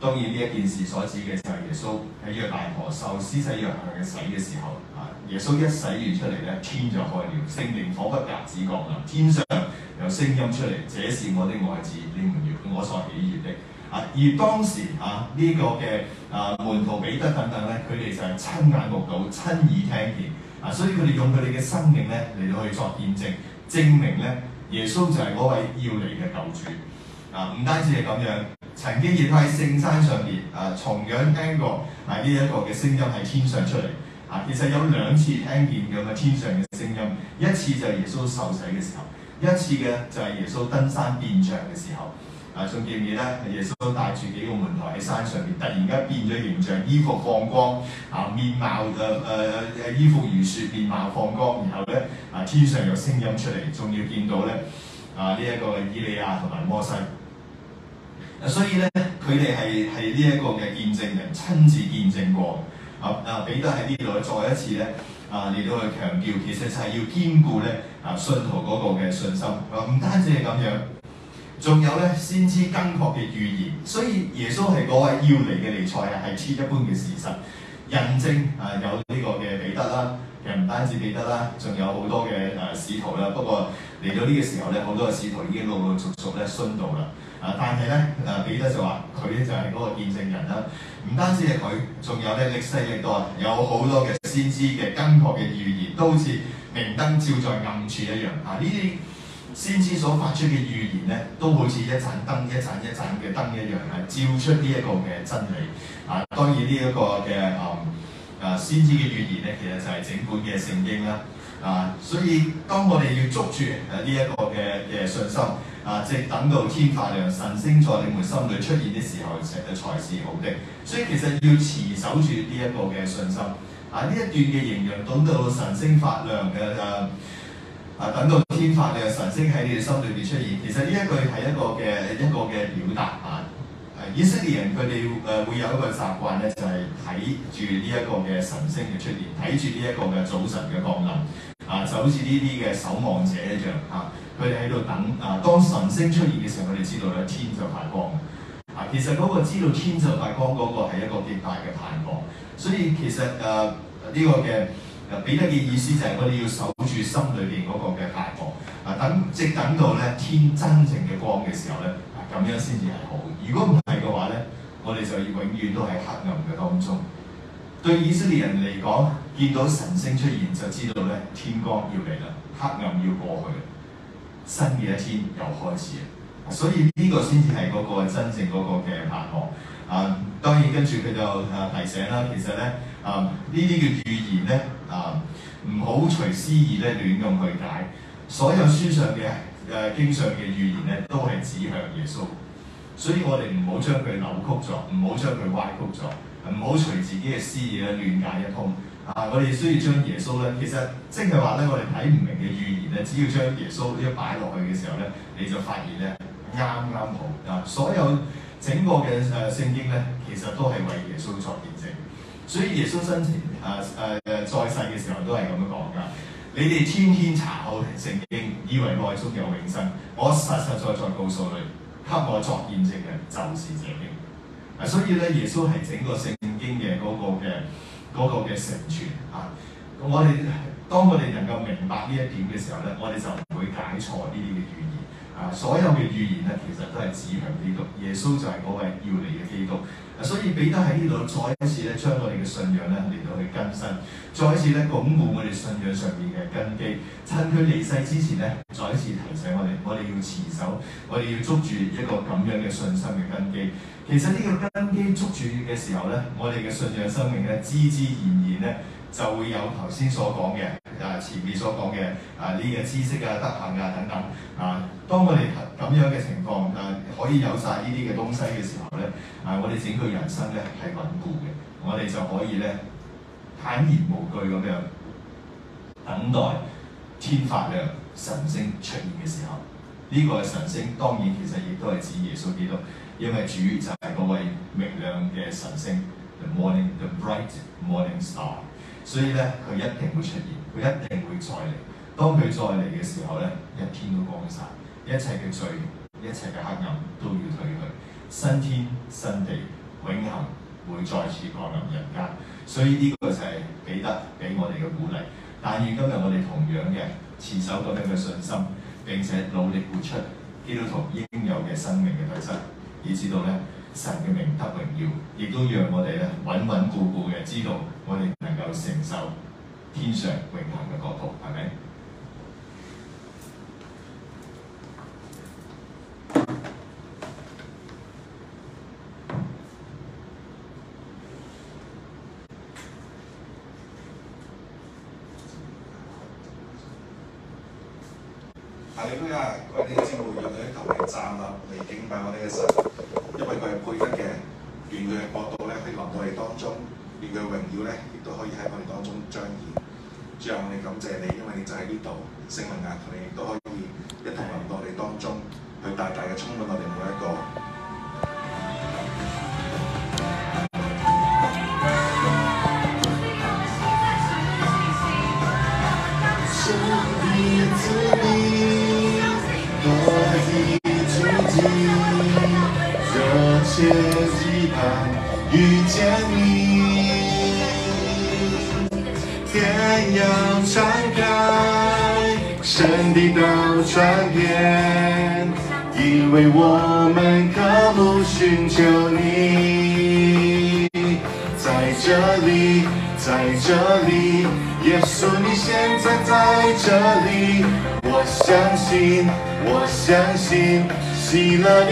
當然呢一件事所指嘅就係耶穌喺呢個大河受施洗約翰嘅洗嘅時候啊，耶穌一洗完出嚟咧，天就開了，聖靈彷彿鴿子降臨，天上有聲音出嚟：這是我的愛子，你們要我所喜悅的啊！而當時啊，呢、這個嘅啊門徒彼得等等咧，佢哋就係親眼目睹、親耳聽見。啊！所以佢哋用佢哋嘅生命咧嚟到去作見證，證明咧耶穌就係嗰位要嚟嘅救主。啊！唔單止係咁樣，曾經亦都喺聖山上邊啊，同樣聽過係呢一個嘅聲音喺天上出嚟。啊！其實有兩次聽見咁嘅天上嘅聲音，一次就係耶穌受死嘅時候，一次嘅就係耶穌登山變像嘅時候。仲記唔記得係耶穌帶住幾個門徒喺山上面，突然間變咗形象，衣服放光，啊面貌誒誒誒衣服如雪，面貌放光，然後咧啊天上有聲音出嚟，仲要見到咧啊呢一、這個嘅以利亞同埋摩西。啊，所以咧佢哋係係呢一個嘅見證人，親自見證過。啊啊，彼得喺呢度再一次咧啊，你都去強調，其實就係要堅固咧啊信徒嗰個嘅信心。唔、啊、單止係咁樣。仲有咧先知更確嘅預言，所以耶穌係嗰位要嚟嘅尼賽啊，係超一般嘅事實印證啊，有呢個嘅彼得啦，其實唔單止彼得啦，仲有好多嘅誒使徒啦。不過嚟到呢個時候咧，好多嘅使徒已經陸陸續續咧殉道啦。啊，但係咧誒彼得就話佢咧就係嗰個見證人啦，唔單止係佢，仲有咧歷世歷代有好多嘅先知嘅更確嘅預言，都好似明燈照在暗處一樣啊！呢啲先知所發出嘅預言咧，都好似一盞燈，一盞一盞嘅燈一樣，係照出呢一個嘅真理。啊，當然呢一個嘅啊誒先知嘅預言咧，其實就係整本嘅聖經啦。啊，所以當我哋要抓住誒呢一個嘅嘅信心，啊，即係等到天發亮，神星在你們心裏出現嘅時候，才才是好的。所以其實要持守住呢一個嘅信心。啊，呢一段嘅形容等到神星發亮嘅誒啊，等到。天發嘅晨星喺你哋心裏邊出現，其實呢一句係一個嘅一個嘅表達啊！啊，以色列人佢哋誒會有一個習慣咧，就係睇住呢一個嘅晨星嘅出現，睇住呢一個嘅早晨嘅降臨啊，就好似呢啲嘅守望者一樣啊！佢哋喺度等啊，當晨星出現嘅時候，佢哋知道咧天就發光啊！其實嗰個知道天就發光嗰、那個係一個極大嘅盼望，所以其實誒呢、啊這個嘅。彼得嘅意思就係我哋要守住心裏邊嗰個嘅盼望，啊等即等到咧天真正嘅光嘅時候咧，啊，咁樣先至係好。如果唔係嘅話咧，我哋就要永遠都喺黑暗嘅當中。對以色列人嚟講，見到神星出現就知道咧天光要嚟啦，黑暗要過去啦，新嘅一天又開始啊。所以呢個先至係嗰個真正嗰個嘅盼望。啊，當然跟住佢就啊提醒啦，其實咧。啊！嗯、語呢啲嘅預言咧，啊、嗯，唔好隨私意咧亂用去解。所有書上嘅誒、啊、經上嘅預言咧，都係指向耶穌。所以我哋唔好將佢扭曲咗，唔好將佢歪曲咗，唔好隨自己嘅私意咧亂解一通。啊，我哋需要將耶穌咧，其實即係話咧，我哋睇唔明嘅預言咧，只要將耶穌一擺落去嘅時候咧，你就發現咧啱啱好啊！所有整個嘅誒、啊、聖經咧，其實都係為耶穌作證。所以耶穌情、啊啊、生前誒誒誒在世嘅時候都係咁樣講，㗎，你哋天天查好聖經以為內中有永生，我實實在在告訴你，給我作驗證嘅就是這經。啊，所以咧耶穌係整個聖經嘅、嗰個嘅、嗰個嘅、嗰個、成全啊。咁我哋當我哋能夠明白呢一點嘅時候咧，我哋就唔會解錯呢啲嘅語言。啊！所有嘅預言咧，其實都係指向基督，耶穌就係嗰位要嚟嘅基督。所以彼得喺呢度再一次咧，將我哋嘅信仰咧嚟到去更新，再一次咧鞏固我哋信仰上面嘅根基。趁佢離世之前咧，再一次提醒我哋，我哋要持守，我哋要捉住一個咁樣嘅信心嘅根基。其實呢個根基捉住嘅時候咧，我哋嘅信仰生命咧，自自然然咧。就會有頭先所講嘅啊，前面所講嘅啊呢啲嘅知識啊、德行啊等等啊。當我哋咁樣嘅情況啊，可以有晒呢啲嘅東西嘅時候咧，啊，我哋整個人生咧係穩固嘅，我哋就可以咧坦然無懼咁樣等待，天發亮，晨星出現嘅時候。呢個嘅晨星當然其實亦都係指耶穌基督，因為主就係嗰位明亮嘅晨星，the morning，the bright morning star。所以咧，佢一定會出現，佢一定會再嚟。當佢再嚟嘅時候咧，一天都光晒，一切嘅罪，一切嘅黑暗都要退去，新天新地，永恆會再次降臨人間。所以呢個就係彼得俾我哋嘅鼓勵。但願今日我哋同樣嘅持守咁樣嘅信心，並且努力活出基督徒應有嘅生命嘅體質，以至到咧。神嘅名得榮耀，亦都讓我哋咧穩穩固固嘅知道，我哋能夠承受天上永恆嘅國度，係咪？嗱，你都啊，我哋嘅證券，佢同人站立嚟，敬拜我哋嘅神，因為佢係配得嘅，願佢嘅國度咧可以臨到你哋當中，願佢嘅榮耀咧亦都可以喺我哋當中彰顯。最後我哋感謝你，因為你就喺呢度，聖靈啊，同你亦都可以一同臨到我哋當中，去大大嘅充滿我哋每一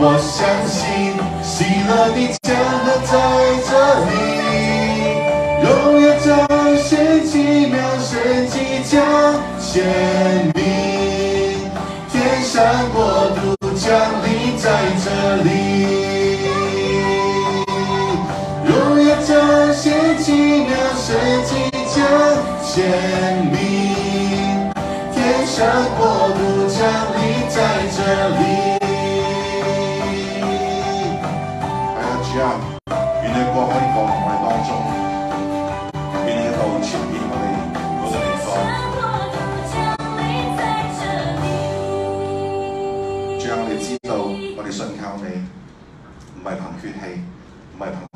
我相信，喜樂的江河在這裏，榮耀彰顯奇妙神蹟即將顯明，天上國度降臨在這裏。榮耀彰顯奇妙神蹟即將顯明，天上國度降臨在這裏。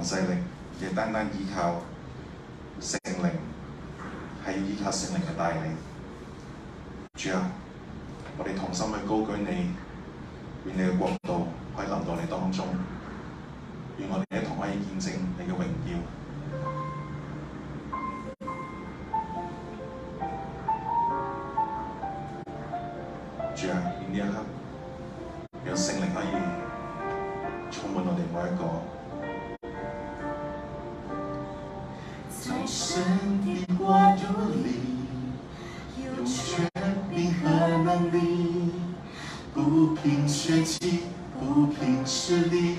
勢力亦單單依靠聖靈，係要依靠聖靈嘅帶領。主啊，我哋同心去高舉你，願你嘅國度可以臨到你當中，願我哋一同可以見證你嘅榮耀。主啊，喺呢一刻，有聖靈可以充滿我哋每一個。神的國度裏，用全力和能力，不憑血氣，不憑實力。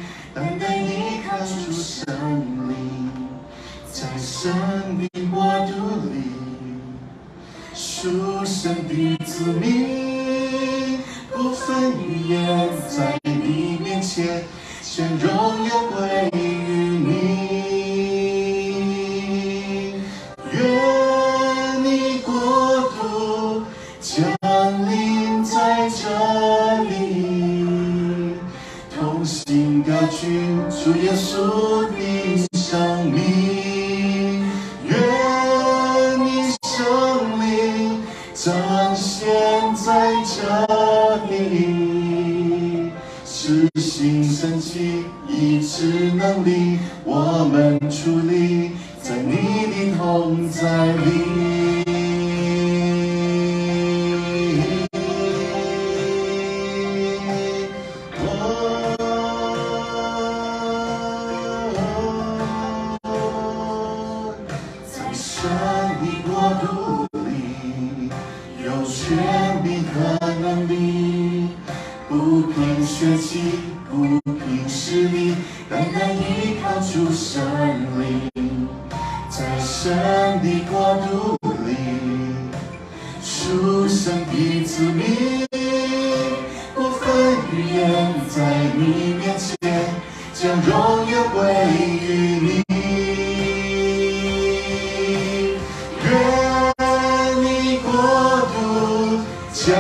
降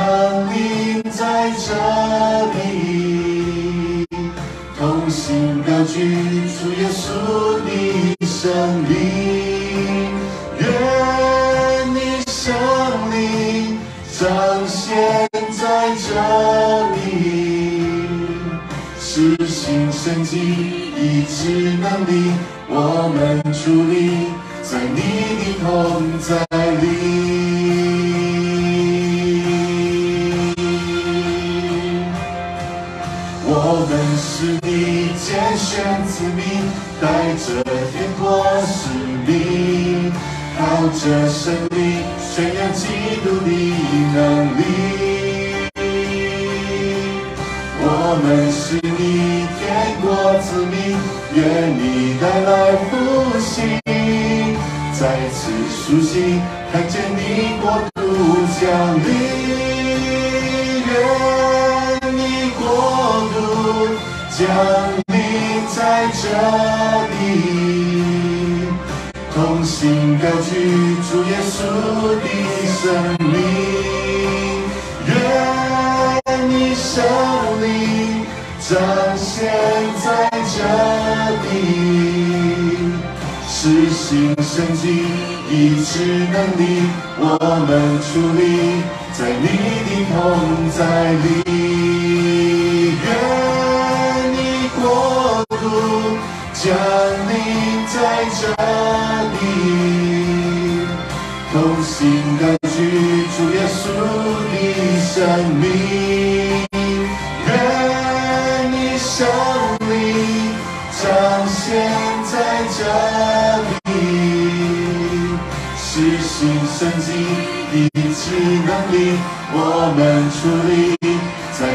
臨在這裏，同心凝聚。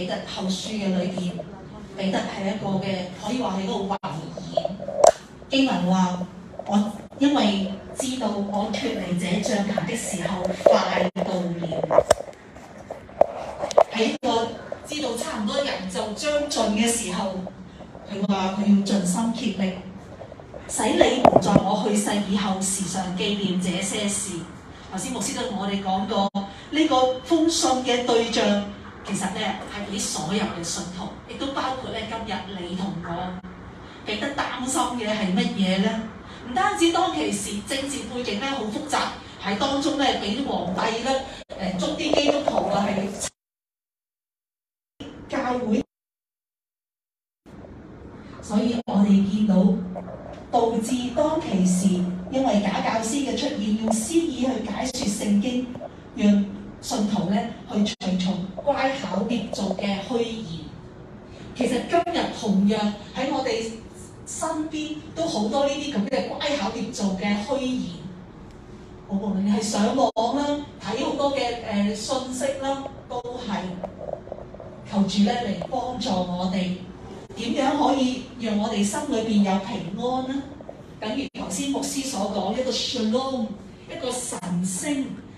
彼得後書嘅裏邊，彼得係一個嘅可以話係一個遺言。經文話：我因為知道我脱離這帳棚的時候快到了，喺我知道差唔多人就將盡嘅時候，佢話佢要盡心竭力，使你們在我去世以後時常記念這些事。頭先牧師都同我哋講過呢個封信嘅對象。其實咧，係俾所有嘅信徒，亦都包括咧，今日你同我，記得擔心嘅係乜嘢咧？唔單止當其時政治背景咧好複雜，喺當中咧俾啲皇帝咧誒捉啲基督徒啊，係啲教會，所以我哋見到導致當其時因為假教師嘅出現，用私意去解説聖經，讓信徒咧去隨從乖巧捏造嘅虛言，其實今日同樣喺我哋身邊都好多呢啲咁嘅乖巧捏造嘅虛言。我無論你係上網啦，睇好多嘅誒、呃、信息啦，都係求主咧嚟幫助我哋點樣可以讓我哋心裏邊有平安咧？等如頭先牧師所講一個 shalom，一個神聖。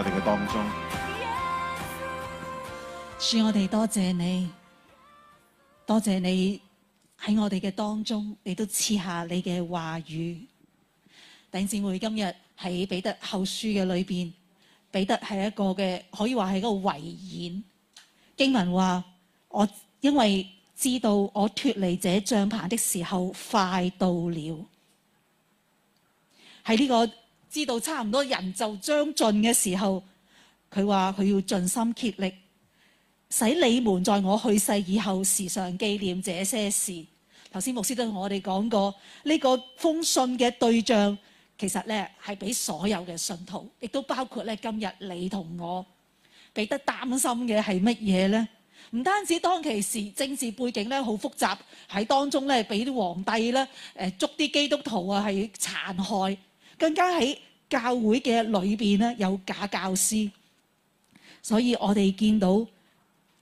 我哋嘅當中，主，我哋多謝你，多謝你喺我哋嘅當中，你都賜下你嘅話語。弟兄姊妹，今日喺彼得後書嘅裏邊，彼得係一個嘅，可以話係一個遺言。經文話：我因為知道我脫離這帳棚的時候快到了，喺呢、這個。知道差唔多人就將盡嘅時候，佢話佢要盡心竭力，使你們在我去世以後時常記念這些事。頭先牧師都同我哋講過，呢個封信嘅對象其實咧係俾所有嘅信徒，亦都包括咧今日你同我俾得擔心嘅係乜嘢呢？唔單止當其時政治背景咧好複雜，喺當中咧俾啲皇帝啦，誒捉啲基督徒啊，係殘害。更加喺教會嘅裏邊咧，有假教師，所以我哋見到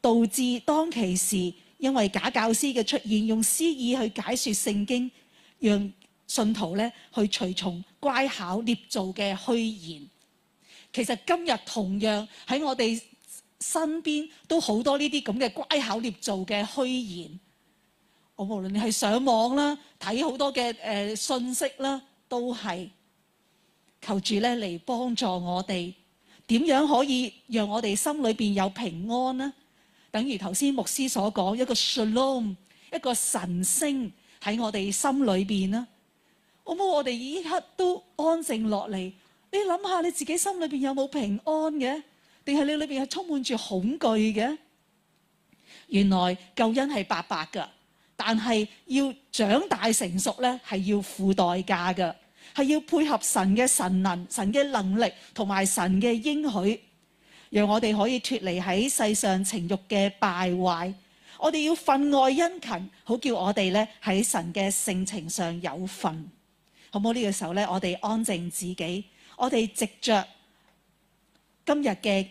導致當其時，因為假教師嘅出現，用詩意去解説聖經，讓信徒咧去隨從乖巧捏造嘅虛言。其實今日同樣喺我哋身邊都好多呢啲咁嘅乖巧捏造嘅虛言。我無論你係上網啦，睇好多嘅誒、呃、信息啦，都係。求住咧嚟幫助我哋，點樣可以讓我哋心裏邊有平安呢？等於頭先牧師所講，一個 shalom 一個神聲喺我哋心裏邊呢？好冇？我哋依刻都安靜落嚟，你諗下你自己心裏邊有冇平安嘅？定係你裏邊係充滿住恐懼嘅？原來救恩係白白㗎，但係要長大成熟咧，係要付代價㗎。係要配合神嘅神能、神嘅能力同埋神嘅應許，讓我哋可以脱離喺世上情欲嘅敗壞。我哋要分外殷勤，好叫我哋咧喺神嘅性情上有份，好唔好呢？呢個時候咧，我哋安靜自己，我哋藉著今日嘅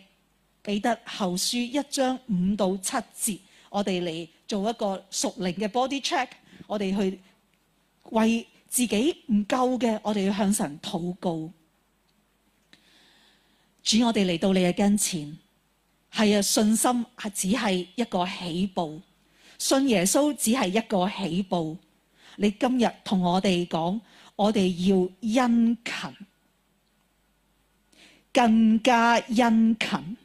彼得後書一章五到七節，我哋嚟做一個屬靈嘅 body check，我哋去為。自己唔夠嘅，我哋要向神禱告。主，我哋嚟到你嘅跟前，係啊，信心啊，只係一個起步，信耶穌只係一個起步。你今日同我哋講，我哋要殷勤，更加殷勤，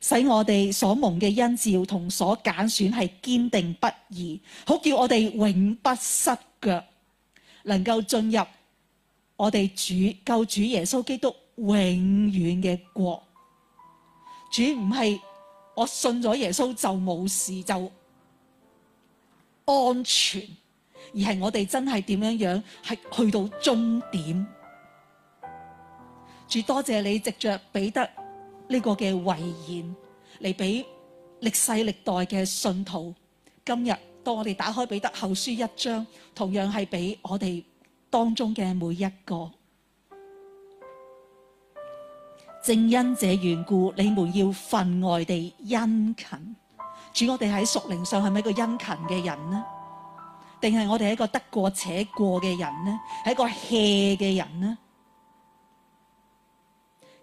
使我哋所蒙嘅恩召同所揀選係堅定不移，好叫我哋永不失腳。能夠進入我哋主救主耶穌基督永遠嘅國，主唔係我信咗耶穌就冇事就安全，而係我哋真係點樣樣係去到終點。主多謝你藉着彼得呢個嘅遺言嚟畀歷世歷代嘅信徒今日。當我哋打開彼得後書一章，同樣係俾我哋當中嘅每一個。正因這緣故，你們要分外地殷勤。主，我哋喺屬靈上係咪一個殷勤嘅人呢？定係我哋係一個得過且過嘅人呢？係一個怯嘅人呢？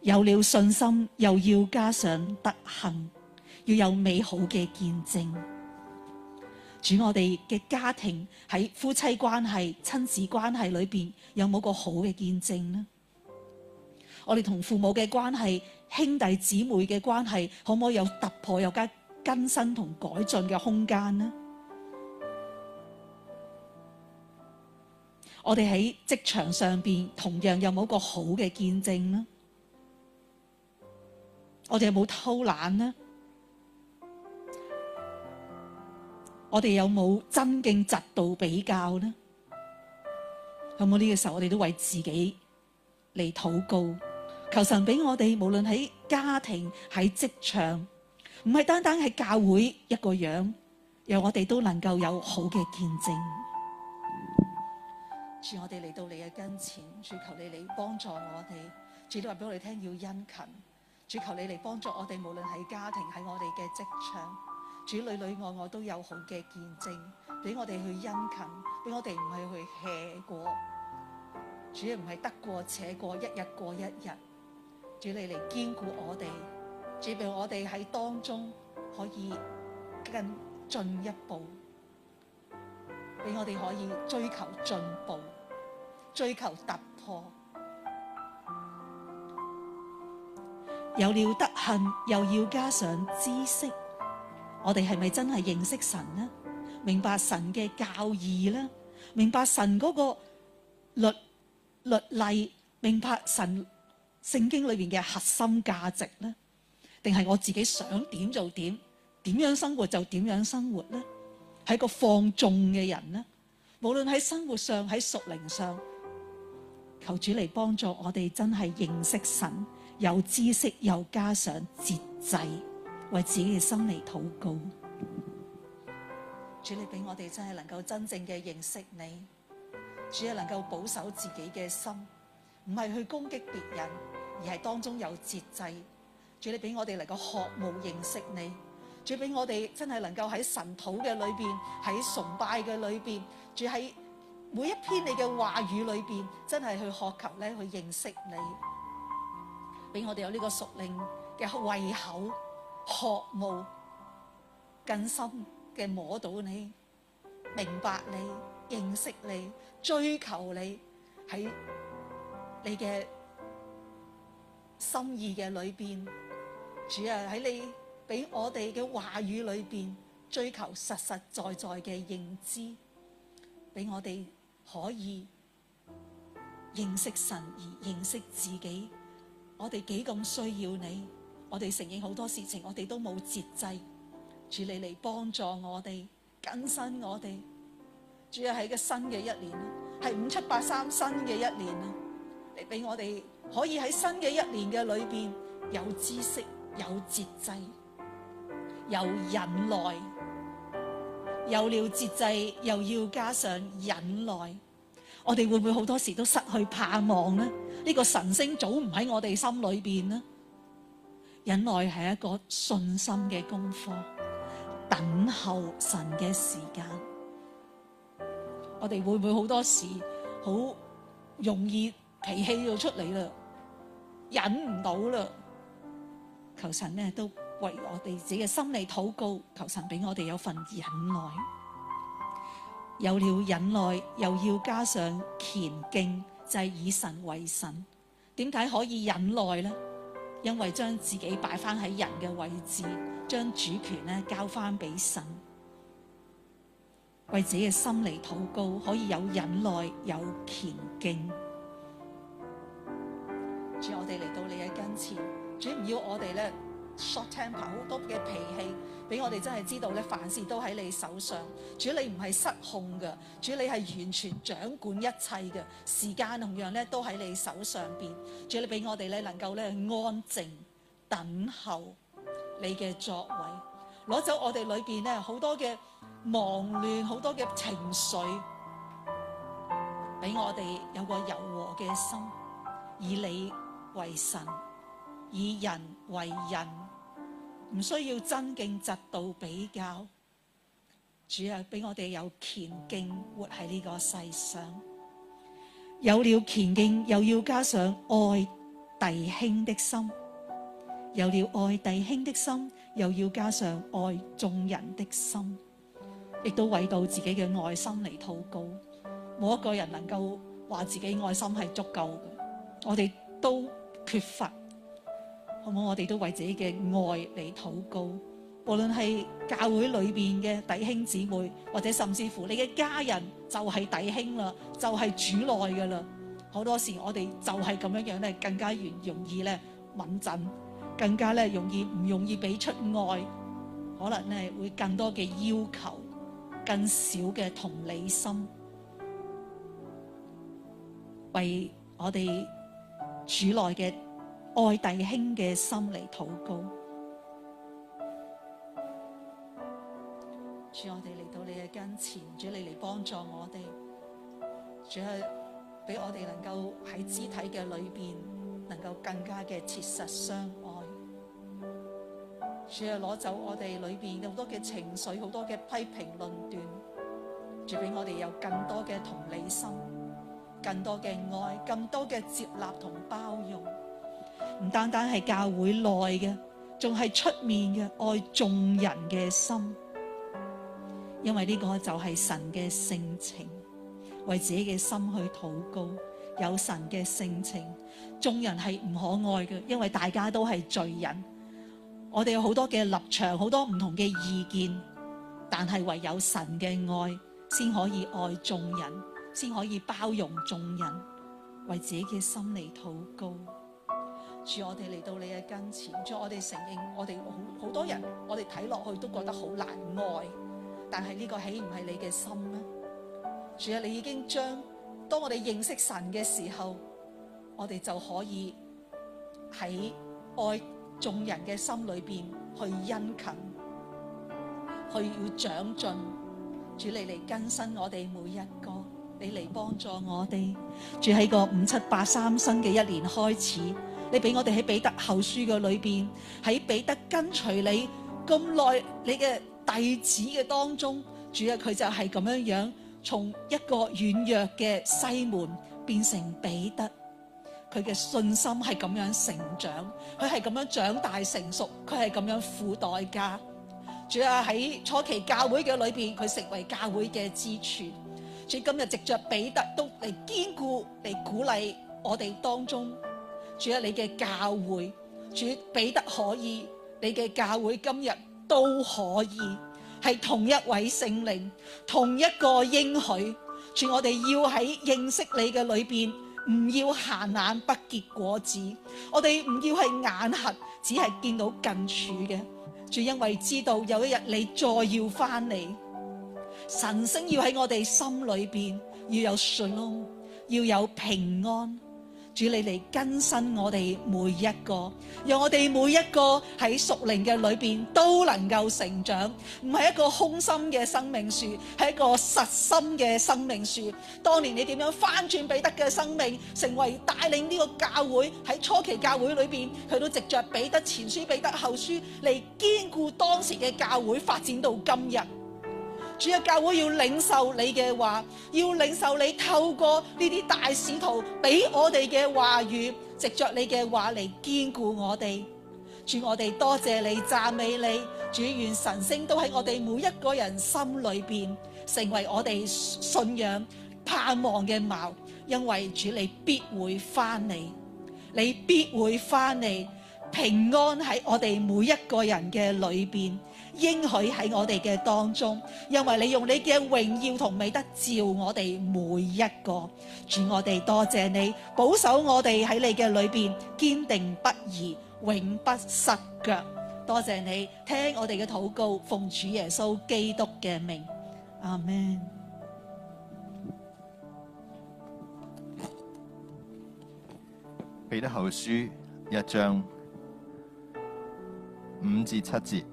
有了信心，又要加上德行，要有美好嘅見證。主，我哋嘅家庭喺夫妻關係、親子關係裏邊有冇個好嘅見證呢？我哋同父母嘅關係、兄弟姊妹嘅關係，可唔可以有突破、有加更新同改進嘅空間呢？我哋喺職場上邊同樣有冇個好嘅見證呢？我哋有冇偷懶呢？我哋有冇真敬實度比較呢？有冇呢個時候，我哋都為自己嚟禱告，求神俾我哋無論喺家庭、喺職場，唔係單單係教會一個樣，讓我哋都能夠有好嘅見證。主，我哋嚟到你嘅跟前，主求你嚟幫助我哋。主都話俾我哋聽要殷勤，主求你嚟幫助我哋，無論喺家庭，喺我哋嘅職場。主裏裏外外都有好嘅見證，俾我哋去殷勤，俾我哋唔係去吃果。主唔係得過且過，一日過一日。主你嚟堅固我哋，主俾我哋喺當中可以更進一步，俾我哋可以追求進步，追求突破。有了德行，又要加上知識。我哋係咪真係認識神呢？明白神嘅教義呢？明白神嗰個律律例？明白神聖經裏邊嘅核心價值呢？定係我自己想點就點，點樣生活就點樣生活呢？係個放縱嘅人呢？無論喺生活上，喺屬靈上，求主嚟幫助我哋，真係認識神，有知識又加上節制。為自己嘅心嚟禱告，主你俾我哋真係能夠真正嘅認識你，主係能夠保守自己嘅心，唔係去攻擊別人，而係當中有節制。主你俾我哋嚟個渴慕認識你，主俾我哋真係能夠喺神土嘅裏邊，喺崇拜嘅裏邊，住喺每一篇你嘅話語裏邊，真係去渴求咧去認識你，俾我哋有呢個屬靈嘅胃口。學務更深嘅摸到你，明白你，認識你，追求你喺你嘅心意嘅裏邊，主要喺你俾我哋嘅話語裏邊追求實實在在嘅認知，俾我哋可以認識神而認識自己，我哋幾咁需要你。我哋承認好多事情，我哋都冇節制。主你嚟幫助我哋，更新我哋。主啊，係一個新嘅一年啦，係五七八三新嘅一年啦，嚟俾我哋可以喺新嘅一年嘅裏邊有知識、有節制、有忍耐。有了節制，又要加上忍耐。我哋會唔會好多時都失去盼望呢？呢、呢個神星早唔喺我哋心裏邊咧？忍耐係一個信心嘅功課，等候神嘅時間。我哋會唔會好多時好容易脾氣就出嚟啦？忍唔到啦！求神呢都為我哋自己嘅心理禱告，求神俾我哋有份忍耐。有了忍耐，又要加上虔敬，就係、是、以神為神。點解可以忍耐咧？因為將自己擺翻喺人嘅位置，將主權交翻俾神，為自己嘅心裏禱告，可以有忍耐，有虔敬。主，我哋嚟到你嘅跟前，主唔要我哋呢？short temper 好多嘅脾氣，俾我哋真係知道咧，凡事都喺你手上。主，你唔係失控嘅，主，你係完全掌管一切嘅。時間同樣咧都喺你手上邊，主，你俾我哋咧能夠咧安靜等候你嘅作為，攞走我哋裏邊咧好多嘅忙亂，好多嘅情緒，俾我哋有個柔和嘅心，以你為神，以人為人。唔需要真敬窒度比較，主要係俾我哋有虔敬活喺呢個世上。有了虔敬又要加上愛弟兄的心，有了愛弟兄的心又要加上愛眾人的心，亦都為到自己嘅愛心嚟禱告。冇一個人能夠話自己愛心係足夠嘅，我哋都缺乏。好唔好？我哋都為自己嘅愛嚟禱告，無論係教會裏邊嘅弟兄姊妹，或者甚至乎你嘅家人，就係弟兄啦，就係主內嘅啦。好多時我哋就係咁樣樣咧，更加易容易咧敏感，更加咧容易唔容易俾出愛，可能咧會更多嘅要求，更少嘅同理心，為我哋主內嘅。愛弟兄嘅心嚟禱告，主，我哋嚟到你嘅跟前，主你嚟幫助我哋，主係俾我哋能夠喺肢體嘅裏邊能夠更加嘅切實相愛，主係攞走我哋裏邊好多嘅情緒，好多嘅批評論斷，主俾我哋有更多嘅同理心，更多嘅愛，更多嘅接納同包容。唔單單係教會內嘅，仲係出面嘅愛眾人嘅心，因為呢個就係神嘅性情，為自己嘅心去禱告，有神嘅性情，眾人係唔可愛嘅，因為大家都係罪人，我哋有好多嘅立場，好多唔同嘅意見，但係唯有神嘅愛先可以愛眾人，先可以包容眾人，為自己嘅心嚟禱告。主，我哋嚟到你嘅跟前。主，我哋承認，我哋好好多人，我哋睇落去都覺得好難愛。但係呢個豈唔係你嘅心咩？主啊，你已經將當我哋認識神嘅時候，我哋就可以喺愛眾人嘅心裏邊去殷勤，去要長進。主，你嚟更新我哋每一個，你嚟幫助我哋。主喺個五七八三新嘅一年開始。你俾我哋喺彼得後書嘅裏邊，喺彼得跟隨你咁耐，你嘅弟子嘅當中，主要佢就係咁樣樣，從一個軟弱嘅西門變成彼得，佢嘅信心係咁樣成長，佢係咁樣長大成熟，佢係咁樣付代價，主要喺初期教會嘅裏邊，佢成為教會嘅支柱，所以今日藉着彼得都嚟堅固嚟鼓勵我哋當中。主啊，你嘅教會，主彼得可以，你嘅教會今日都可以，係同一位聖靈，同一個應許。主我哋要喺認識你嘅裏邊，唔要閒懶不結果子，我哋唔要係眼瞎，只係見到近處嘅。主，因為知道有一日你再要翻嚟，神聖要喺我哋心裏邊要有信窿，要有平安。主，你嚟更新我哋每一個，讓我哋每一個喺屬靈嘅裏邊都能夠成長，唔係一個空心嘅生命樹，係一個實心嘅生命樹。當年你點樣翻轉彼得嘅生命，成為帶領呢個教會喺初期教會裏邊，佢都藉著彼得前書、彼得後書嚟堅固當時嘅教會，發展到今日。主嘅教會要領受你嘅話，要領受你透過呢啲大使徒俾我哋嘅話語，藉著你嘅話嚟堅固我哋。主，我哋多謝你讚美你，主願神聖都喺我哋每一個人心裏邊，成為我哋信仰盼望嘅矛。因為主你必會翻嚟，你必會翻嚟平安喺我哋每一個人嘅裏邊。應許喺我哋嘅當中，因為你用你嘅榮耀同美德照我哋每一個，主我哋多謝你，保守我哋喺你嘅裏邊堅定不移，永不失腳。多謝你聽我哋嘅禱告，奉主耶穌基督嘅名。阿門。彼得後書一章五至七節。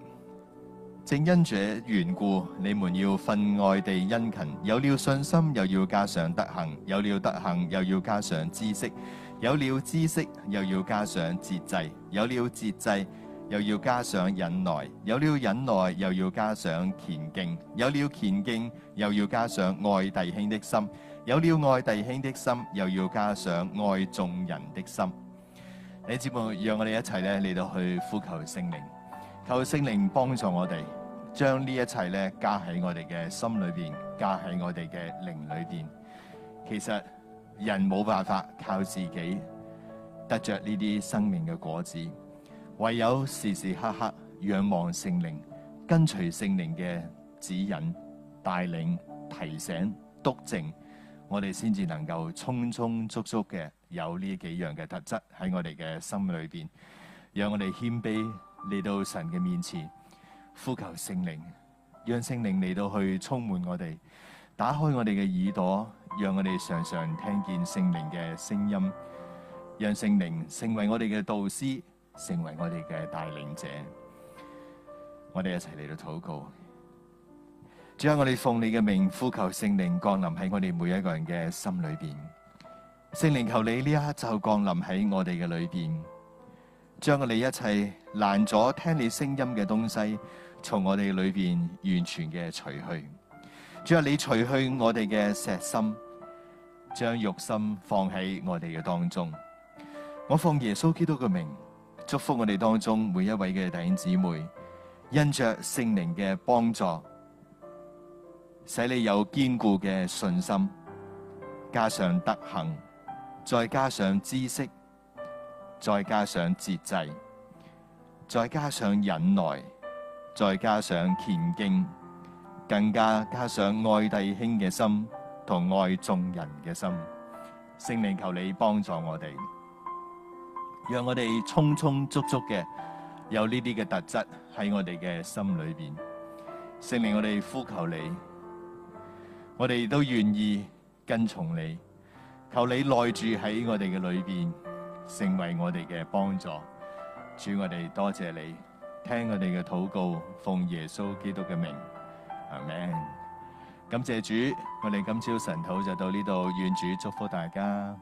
正因這緣故，你們要分外地殷勤。有了信心，又要加上德行；有了德行，又要加上知識；有了知識，又要加上節制；有了節制，又要加上忍耐；有了忍耐，又要加上虔敬；有了虔敬，又要加上愛弟兄的心；有了愛弟兄的心，又要加上愛眾人的心。弟兄們，讓我哋一齊呢，嚟到去呼求聖靈。求聖靈幫助我哋，將呢一切咧，加喺我哋嘅心裏邊，加喺我哋嘅靈裏邊。其實人冇辦法靠自己得着呢啲生命嘅果子，唯有時時刻刻仰望聖靈，跟隨聖靈嘅指引、帶領、提醒、督正，我哋先至能夠充充足足嘅有呢幾樣嘅特質喺我哋嘅心裏邊，讓我哋謙卑。嚟到神嘅面前，呼求聖靈，讓聖靈嚟到去充滿我哋，打開我哋嘅耳朵，讓我哋常常聽見聖靈嘅聲音，讓聖靈成為我哋嘅導師，成為我哋嘅帶領者。我哋一齊嚟到禱告，將我哋奉你嘅名呼求聖靈降臨喺我哋每一個人嘅心裏邊。聖靈，求你呢一刻就降臨喺我哋嘅裏邊。將我哋一切攔阻聽你聲音嘅東西，從我哋裏邊完全嘅除去。主啊，你除去我哋嘅石心，將肉心放喺我哋嘅當中。我奉耶穌基督嘅名，祝福我哋當中每一位嘅弟兄姊妹，因着聖靈嘅幫助，使你有堅固嘅信心，加上德行，再加上知識。再加上節制，再加上忍耐，再加上虔敬，更加加上愛弟兄嘅心同愛眾人嘅心。聖靈求你幫助我哋，讓我哋充充足足嘅有呢啲嘅特質喺我哋嘅心裏邊。聖靈我哋呼求你，我哋都願意跟從你。求你內住喺我哋嘅裏邊。成為我哋嘅幫助，主我哋多謝你，聽我哋嘅禱告，奉耶穌基督嘅名，阿門。感謝主，我哋今朝晨禱就到呢度，願主祝福大家。